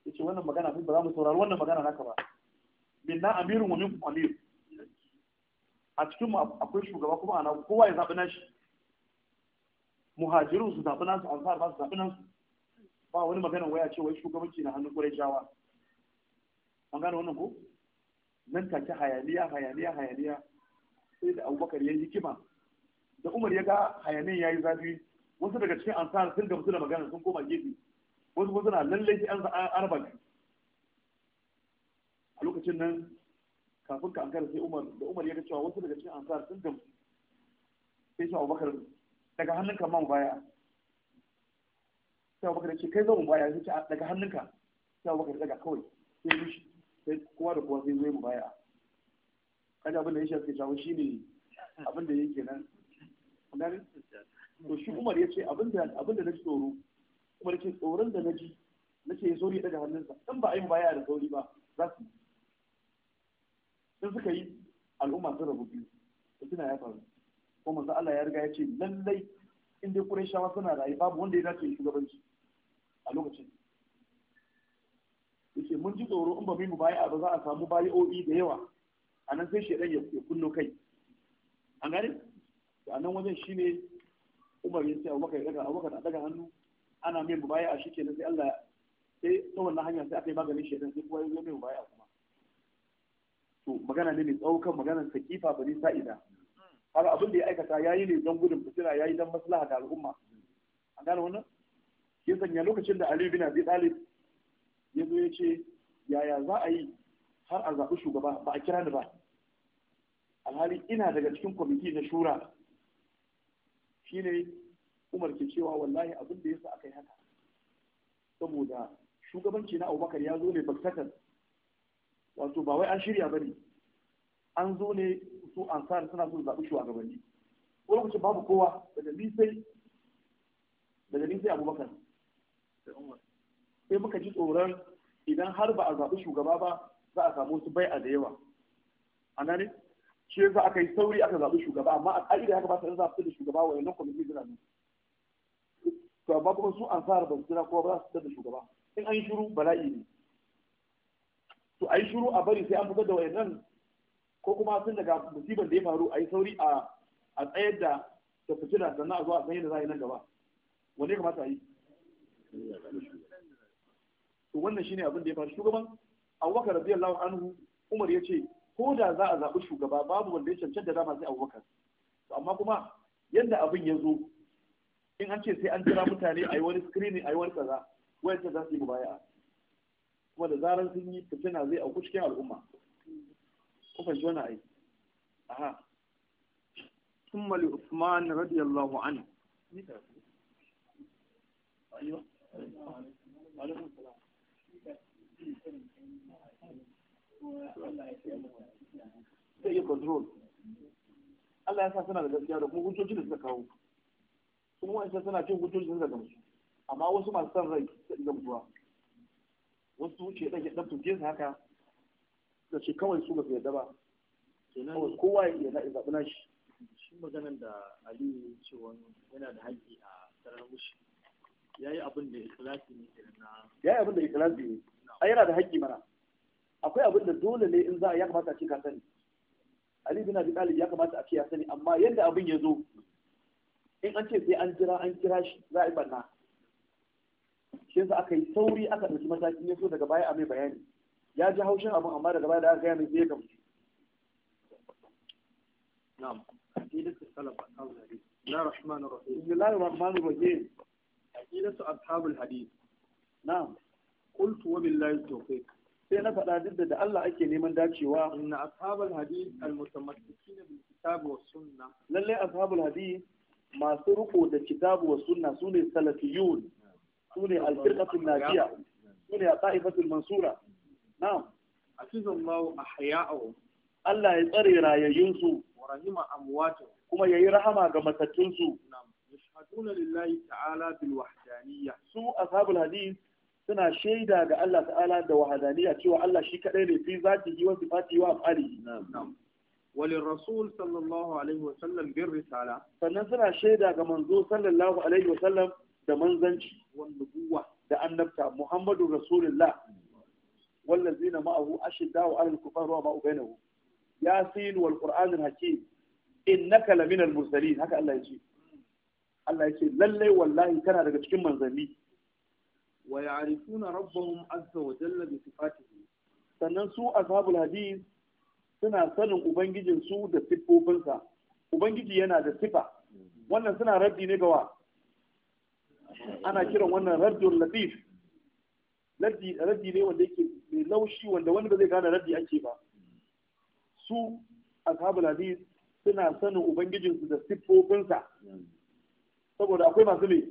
ya ce wannan magana ba za mu saurari wannan magana naka ba min na amirin wa min amir a cikin akwai shugaba kuma ana kowa ya zaɓi nashi muhajirun su zaɓi nasu ansar ba su zaɓi nasu ba wani magana waya ce wai shugabanci na hannun ƙurai jawa an gane wannan ko nan take hayaniya hayaniya hayaniya sai da abubakar ya yi hikima da umar ya ga hayanin ya yi zafi wasu daga cikin ansar sun gamsu da magana sun koma gefe wasu kuma suna lallai an arba a lokacin nan kafin ka ankara sai umar da umar ya ga cewa wasu daga cikin ansar sun gamsu sai shi abubakar daga hannunka man baya sai abubakar ya ce kai zo baya sai daga hannunka sai abubakar daga kawai sai shi sai kowa da kowa sai zai mu baya kada abin da ya shafi shawo shi ne abin da yake nan gani to shi umar ya ce abin da na ji tsoro kuma da ke tsoron da na ji na ce sauri ya daga hannunsa in ba a yi baya da sauri ba za su sun suka yi al'umma sun rabu biyu da suna ya faru kuma manzo Allah ya riga ya ce lallai in dai Qurayshawa suna rayu babu wanda ya dace shugabanci a lokacin yake mun ji tsoro in ba mu yi ba za a samu bayi'o'i da yawa a nan sai shaidan ya kunno kai an gane a nan wajen ne Umar ya ce Abubakar ya daga Abubakar a daga hannu ana mai mubaya'a shikenan sai Allah sai ta wannan hanya sai aka yi maganin shaidan, sai kuma ya zo mai mubaya'a kuma to magana ne mai tsaukan maganar sakifa bari sa'ida kaga abin da ya aikata yayi ne don gudun fitina yayi don maslaha ga al'umma an gane wannan ya sanya lokacin da Ali bin Abi Talib ya zo ya ce yaya za a yi har a zaɓi shugaba ba a kira ni ba alhali ina daga cikin kwamiti na shura shine umar ke cewa wallahi abin da yasa aka yi haka saboda shugabanci na abubakar ya zo ne baktatar wato ba wai an shirya ba ne an zo ne su ansar suna so zaɓi shugabanni ko lokacin babu kowa daga ni sai daga abubakar da umar sai muka ji tsoron idan har ba a zaɓi shugaba ba za a samu su bai'a da yawa a nan shi yasa aka yi sauri aka zaɓi shugaba amma a ƙa'ida haka ba su zaɓi da shugaba wa yanzu kwamitin suna ne to amma kuma su an fara ban jira kuma ba za su fitar da shugaba in an yi shiru bala'i ne to a yi shiru a bari sai an fitar da wayannan ko kuma sun daga musibar da ya faru a yi sauri a a tsayar da da fitina sannan a zo a san yadda za a yi nan gaba wanne kamata a yi to wannan shine abin da ya faru shugaban abubakar radiyallahu anhu umar ya ce ko da za a zaɓi shugaba babu wanda ya cancanta dama sai abubakar to amma kuma yadda abin ya zo in an ce sai an jira mutane a yi wani screening a yi wani kaza wayar za su yi baya. kuma da zarar sun yi fitina zai auku cikin al'umma ko fa jona ai aha ثم لعثمان رضي الله عنه عليكم السلام Sai yi control Allah ya sa suna da gaskiya da kuma hujjoji da suka kawo kuma wancan suna cin hujjoji da suka gamsu amma wasu masu son rai suka gamsuwa wasu wuce ɗan ya ɗan su haka da ce kawai su ba su yarda ba kowa ya zaɓi na shi shi maganan da aliyu ce yana da haƙƙi a sarar mushi ya yi abin da ikilasi ne ya yi abin da ikilasi ne ai yana da haƙƙi mana akwai abin da dole ne in za a ya kamata a ce ka sani Ali bin Abi Talib ya kamata a ce ya sani amma yadda abin ya zo in an ce sai an jira an kira shi za a yi banna shi yasa aka yi sauri aka ɗauki matakin ne so daga baya a mai bayani ya ji haushin abin amma daga baya da aka gaya mai sai ya gamsu نعم عقيدة السلف أصحاب الحديث بسم الله الرحمن الرحيم بسم الله الرحمن الرحيم عقيدة أصحاب الحديث نعم qultu wa billahi tawfiq sai na faɗa duk da Allah ake neman dacewa inna ashabul hadith almutamassikina bil kitab was sunna lalle ashabul hadith masu riko da kitabu wa sunna sune salafiyun sune al-firqatul najiya sune al-qa'ifatul mansura na'am hafizallahu ahya'ahum Allah ya tsare rayayyunsu wa rahima amwatahum kuma yayi rahama ga matattunsu na'am yashhaduna lillahi ta'ala bil wahdaniyya su ashabul hadith suna shaida ga Allah ta'ala da wahadaniya cewa Allah shi kadai ne fi zatihi wa sifatihi wa afalihi na'am walin rasul sallallahu alaihi wa sallam bin risala sannan suna shaida ga manzo sallallahu alaihi wa sallam da manzanci wan nubuwa da annabta muhammadu rasulullah wallazina ma'ahu ashiddau ala al-kufar wa ma'u bainahu yasin wal qur'an al-hakim innaka lamina al-mursalin haka Allah ya ce Allah ya ce lalle wallahi kana daga cikin manzanni wa ya'rifuna rabbahum azza wa jalla bi sifatihi sannan su ashabul hadith suna sanin ubangijinsu da siffofinsa ubangiji yana da siffa. wannan suna raddi ne gawa ana kiran wannan raddul latif raddi ne wanda yake mai laushi wanda wani ba zai gane raddi ake ba su ashabul hadith suna sanin ubangijinsu da siffofinsa saboda akwai masu mai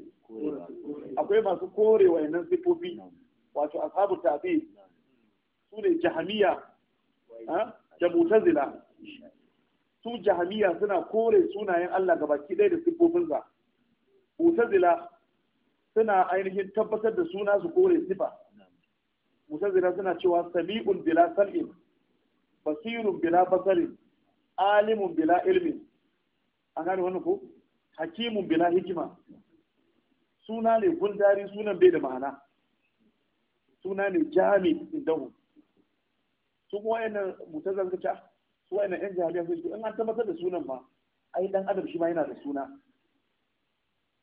akwai masu kore wayannan sifofi wato ashabu tabi su ne jahamiya da mutazila su jahamiya suna kore sunayen Allah gabaki ɗaya da siffofinsa mutazila suna ainihin tabbatar da suna su kore sifa mutazila suna cewa sami'un bila sal'in basirun bila basarin alimun bila ilmin an gane wannan ko hakimun bila hikima suna ne gundari sunan bai da ma'ana suna ne jami indahu su kuma yana mutazar ka ta ah, su yana yan jami'a sai in an tabbatar da sunan ma ai dan adam shi ma yana da suna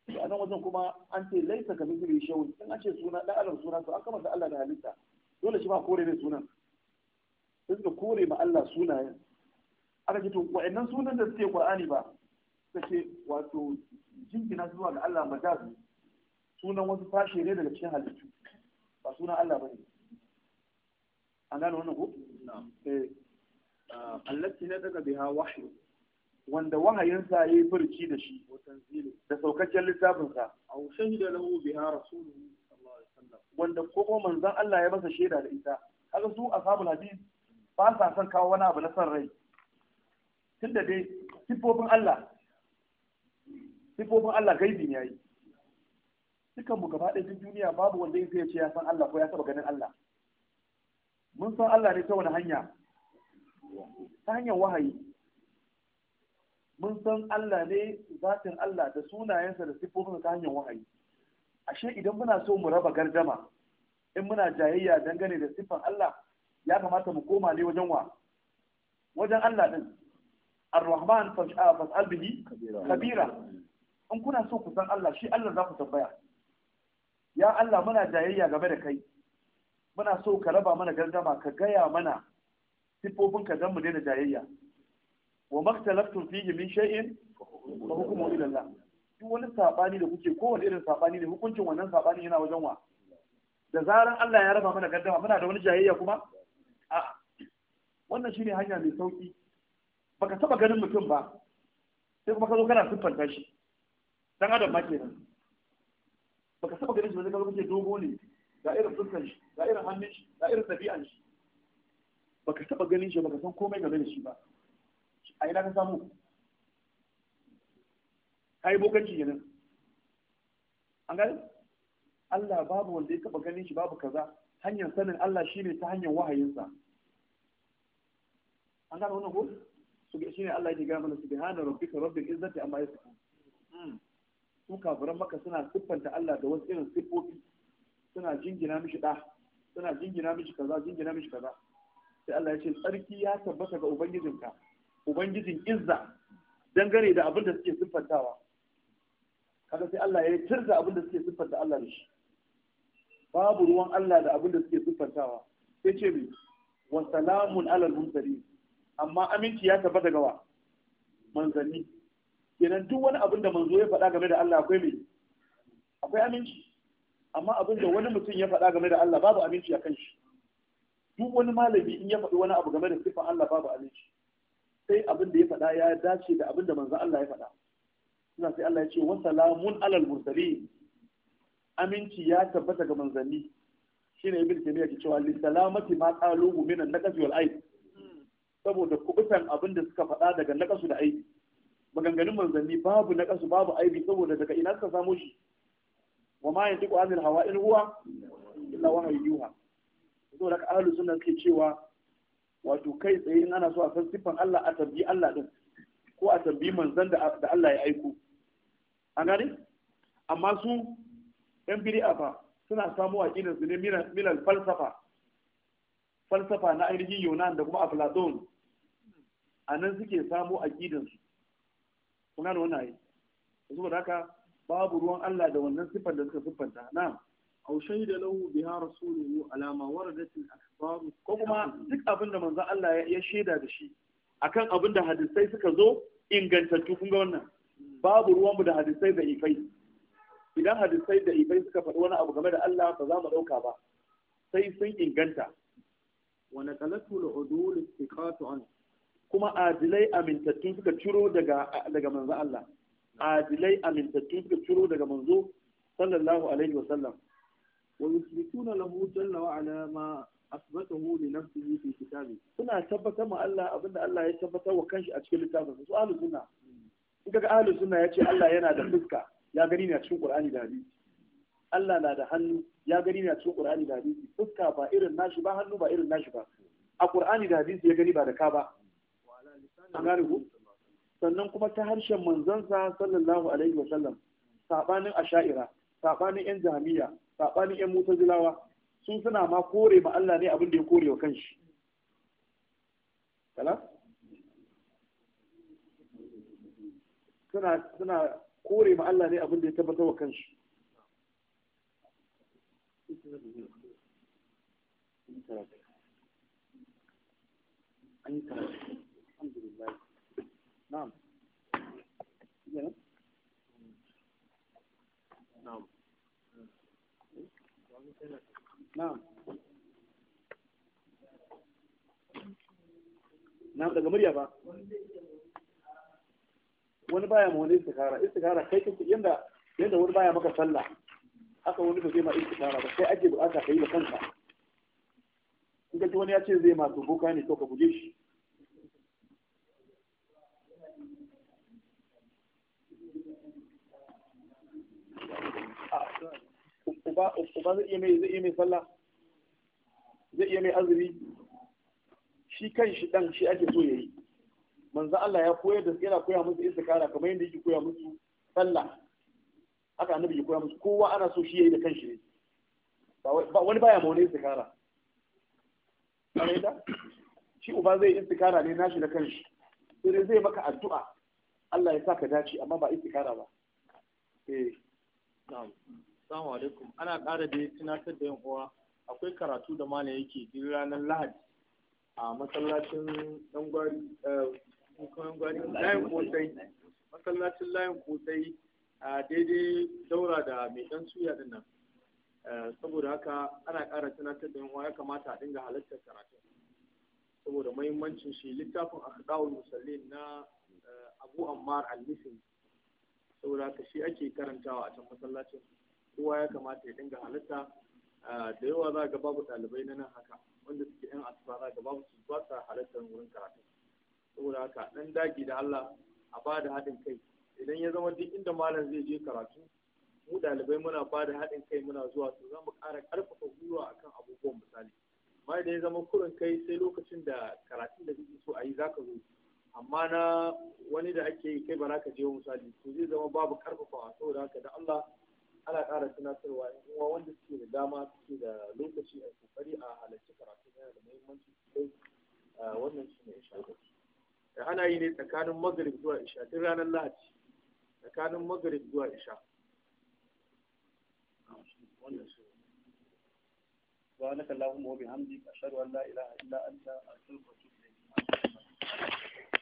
to a nan wajen kuma an ce laisa ka mithli shawun in an ce suna dan adam suna to an kama da Allah da halitta dole shi ma kore ne sunan sai suka kore ma Allah sunayen aka ce to wa'annan sunan da suke Qur'ani ba suka ce wato jingina zuwa ga Allah majazi sunan wasu sashe ne daga cikin halittu ba sunan Allah ba ne an gane wannan ko eh. ah, allati na daga biha wahyu wanda wahayinsa ya yi furci da shi da saukakken littafinsa a shahida lahu biha rasuluhu wanda ko manzon Allah ya masa shaida da ita kaga su ashabul hadith ba sa son kawo wani abu na san rai tunda dai sifofin Allah sifofin Allah gaibi ne yayi dukan mu gaba ɗaya duniya babu wanda zai ce ya san Allah ko ya taba ganin Allah mun san Allah ne ta wani hanya ta hanyar wahayi mun san Allah ne zatin Allah da sunayensa da siffofinsa ta hanyar wahayi ashe idan muna so mu raba gardama in muna jayayya dangane da siffan Allah ya kamata mu koma ne wajen wa wajen Allah din Ar-Rahman fas'al bihi kabira in kuna so ku san Allah shi Allah za ku tambaya ya Allah muna jayayya game da kai muna so ka raba mana gardama ka gaya mana sifofin ka dan mu daina jayayya wa maktalaftum fihi min shay'in fa hukmu ila Allah duk wani sabani da kuke ko wani irin sabani ne hukuncin wannan sabani yana wajen wa da zaran Allah ya raba mana gardama muna da wani jayayya kuma a wannan shine hanya mai sauki baka taba ganin mutum ba sai kuma ka zo kana siffanta shi dan adam ma kenan baka saba ganin shi ba zai kaga muke dogo ne ga irin fuskan shi ga irin hannun shi ga irin ɗabi'an shi baka saba ganin shi baka san komai game da shi ba a ina ka samu kai bokanci kenan an gani Allah babu wanda ya taba ganin shi babu kaza hanyar sanin Allah shine ta hanyar wahayinsa an gane wannan ko su ga shine Allah yake ga mana subhana rabbika rabbil izzati amma yasifun su kafiran maka suna siffanta Allah da wasu irin siffofi suna jingina mishi ɗa suna jingina mishi kaza jingina mishi kaza sai Allah ya ce tsarki ya tabbata ga ubangijinka ubangijin izza dangane da abin da suke siffantawa kaga sai Allah ya yi tirza abin da suke siffanta Allah da shi babu ruwan Allah da abin da suke siffantawa sai ce mi wa salamun alal mursalin amma aminci ya tabbata ga wa manzanni kenan duk wani abin da manzo ya faɗa game da Allah akwai mai akwai aminci amma abin da wani mutum ya faɗa game da Allah babu aminci a kan shi duk wani malami in ya faɗi wani abu game da sifan Allah babu aminci sai abin da ya faɗa ya dace da abin da manzo Allah ya faɗa suna sai Allah ya ce wa salamun alal mursalin aminci ya tabbata ga manzanni shine ibn taymiya ke cewa li salamati ma qalu minan an-naqsi wal aib hmm. saboda kubutan abin da suka faɗa daga naqasu da aibi maganganun manzanni babu na kasu babu aibi saboda daga ina suka samo shi wa ma yanzu ku anil hawa in huwa illa wahyu yuha da, ka ahlus sunna suke cewa wato kai tsaye in ana so a san siffan Allah a tabbi Allah din ko a tabbi manzan da Allah ya aiko an gane amma su yan bid'a fa suna samo aqidar su ne milal falsafa falsafa na ainihin Yunan da kuma Aflatun a nan suke samo aqidar su Kuna da wannan ayi saboda haka babu ruwan Allah da wannan sifar da suka siffanta na'am aw shahida lahu biha rasuluhu ala ma waradat al-akhbar ko kuma duk abin da manzo Allah ya shaida da shi akan abin da hadisai suka zo ingantattu kun ga wannan babu ruwanmu da hadisai da ifai idan hadisai da ifai suka faɗi wani abu game da Allah ba za mu ɗauka ba sai sun inganta wa naqalatu al-udul istiqatu an kuma adilai amintattun suka ciro daga manzo Allah adilai amintattun suka ciro daga manzo sallallahu alaihi wasallam wa yusbituna lahu jalla wa ala ma na li nafsihi fi kitabi suna tabbatar ma Allah abinda Allah ya tabbatar wa kanshi a cikin littafin su ahlus sunna in kaga ahlus sunna yace Allah yana da fuska ya gani ne a cikin Qur'ani da hadisi Allah na da hannu ya gani ne a cikin Qur'ani da hadisi fuska ba irin nashi ba hannu ba irin nashi ba a Qur'ani da hadisi ya gani ba da ka ba ku sannan kuma ta harshen manzansa sallallahu alaihi wa sallam sabanin asha'ira sabanin yan jami'a sabanin yan mutazilawa sun suna ma kore ma Allah ne abin da ya kore wa kanshi kala suna suna kore ma Allah ne abin da ya tabbatar wa kanshi Thank you. na'am na'am na'am na'am daga murya ba wani baya ma wani istikara istikara kai kake yanda yanda wani baya maka sallah haka wani ba zai ma istikara ba sai ake bukata kai da kanka in ka ji wani ya ce zai ma to boka ne to ka guje shi uba uba zai iya mai zai iya mai sallah zai iya mai azumi shi kan shi dan shi ake so yayi manzo Allah ya koyar da yana koya musu istikara kamar yadda yake koya musu sallah haka annabi ya koya musu kowa ana so shi yayi da kanshi ne wani baya ma wani istikara shi uba zai istikara ne nashi da kanshi sai zai maka addu'a Allah ya sa ka dace amma ba istikara ba eh na'am Assalamu alaikum. Ana ƙara da tunatar da yan uwa akwai karatu da malam yake duk ranar Lahadi a masallacin ɗan gwari eh, gwari layin kotai masallacin layin kotai a daidai daura da mai ɗan suya din nan. Eh, saboda haka ana ƙara tunatar da yan uwa ya kamata a dinga halartar karatu. Saboda muhimmancin shi littafin Akhdawul Musallin na eh, Abu Ammar Al-Misri. Saboda haka shi ake karantawa a can masallacin. kowa ya kamata ya dinga halitta da yawa za ga babu ɗalibai na nan haka wanda suke yan asuba za ga babu su ba sa halittar wurin karatu saboda haka ɗan dagi da Allah a ba da haɗin kai idan ya zama duk inda malam zai je karatu mu ɗalibai muna ba da haɗin kai muna zuwa to za mu ƙara ƙarfafa gwiwa akan abubuwan misali amma idan ya zama kurin kai sai lokacin da karatun da kake so ayi yi za ka zo amma na wani da ake kai ba za ka je misali to zai zama babu ƙarfafawa saboda haka da Allah ana ƙara tunatarwa in uwa wanda suke da dama suke da lokaci a kokari a halarci karatu yana da muhimmanci sosai ah, wannan shi ne isha da ana yi ne tsakanin magrib zuwa isha duk ranar lahadi tsakanin magrib zuwa isha سبحانك اللهم وبحمدك أشهد أن لا إله إلا أنت أستغفرك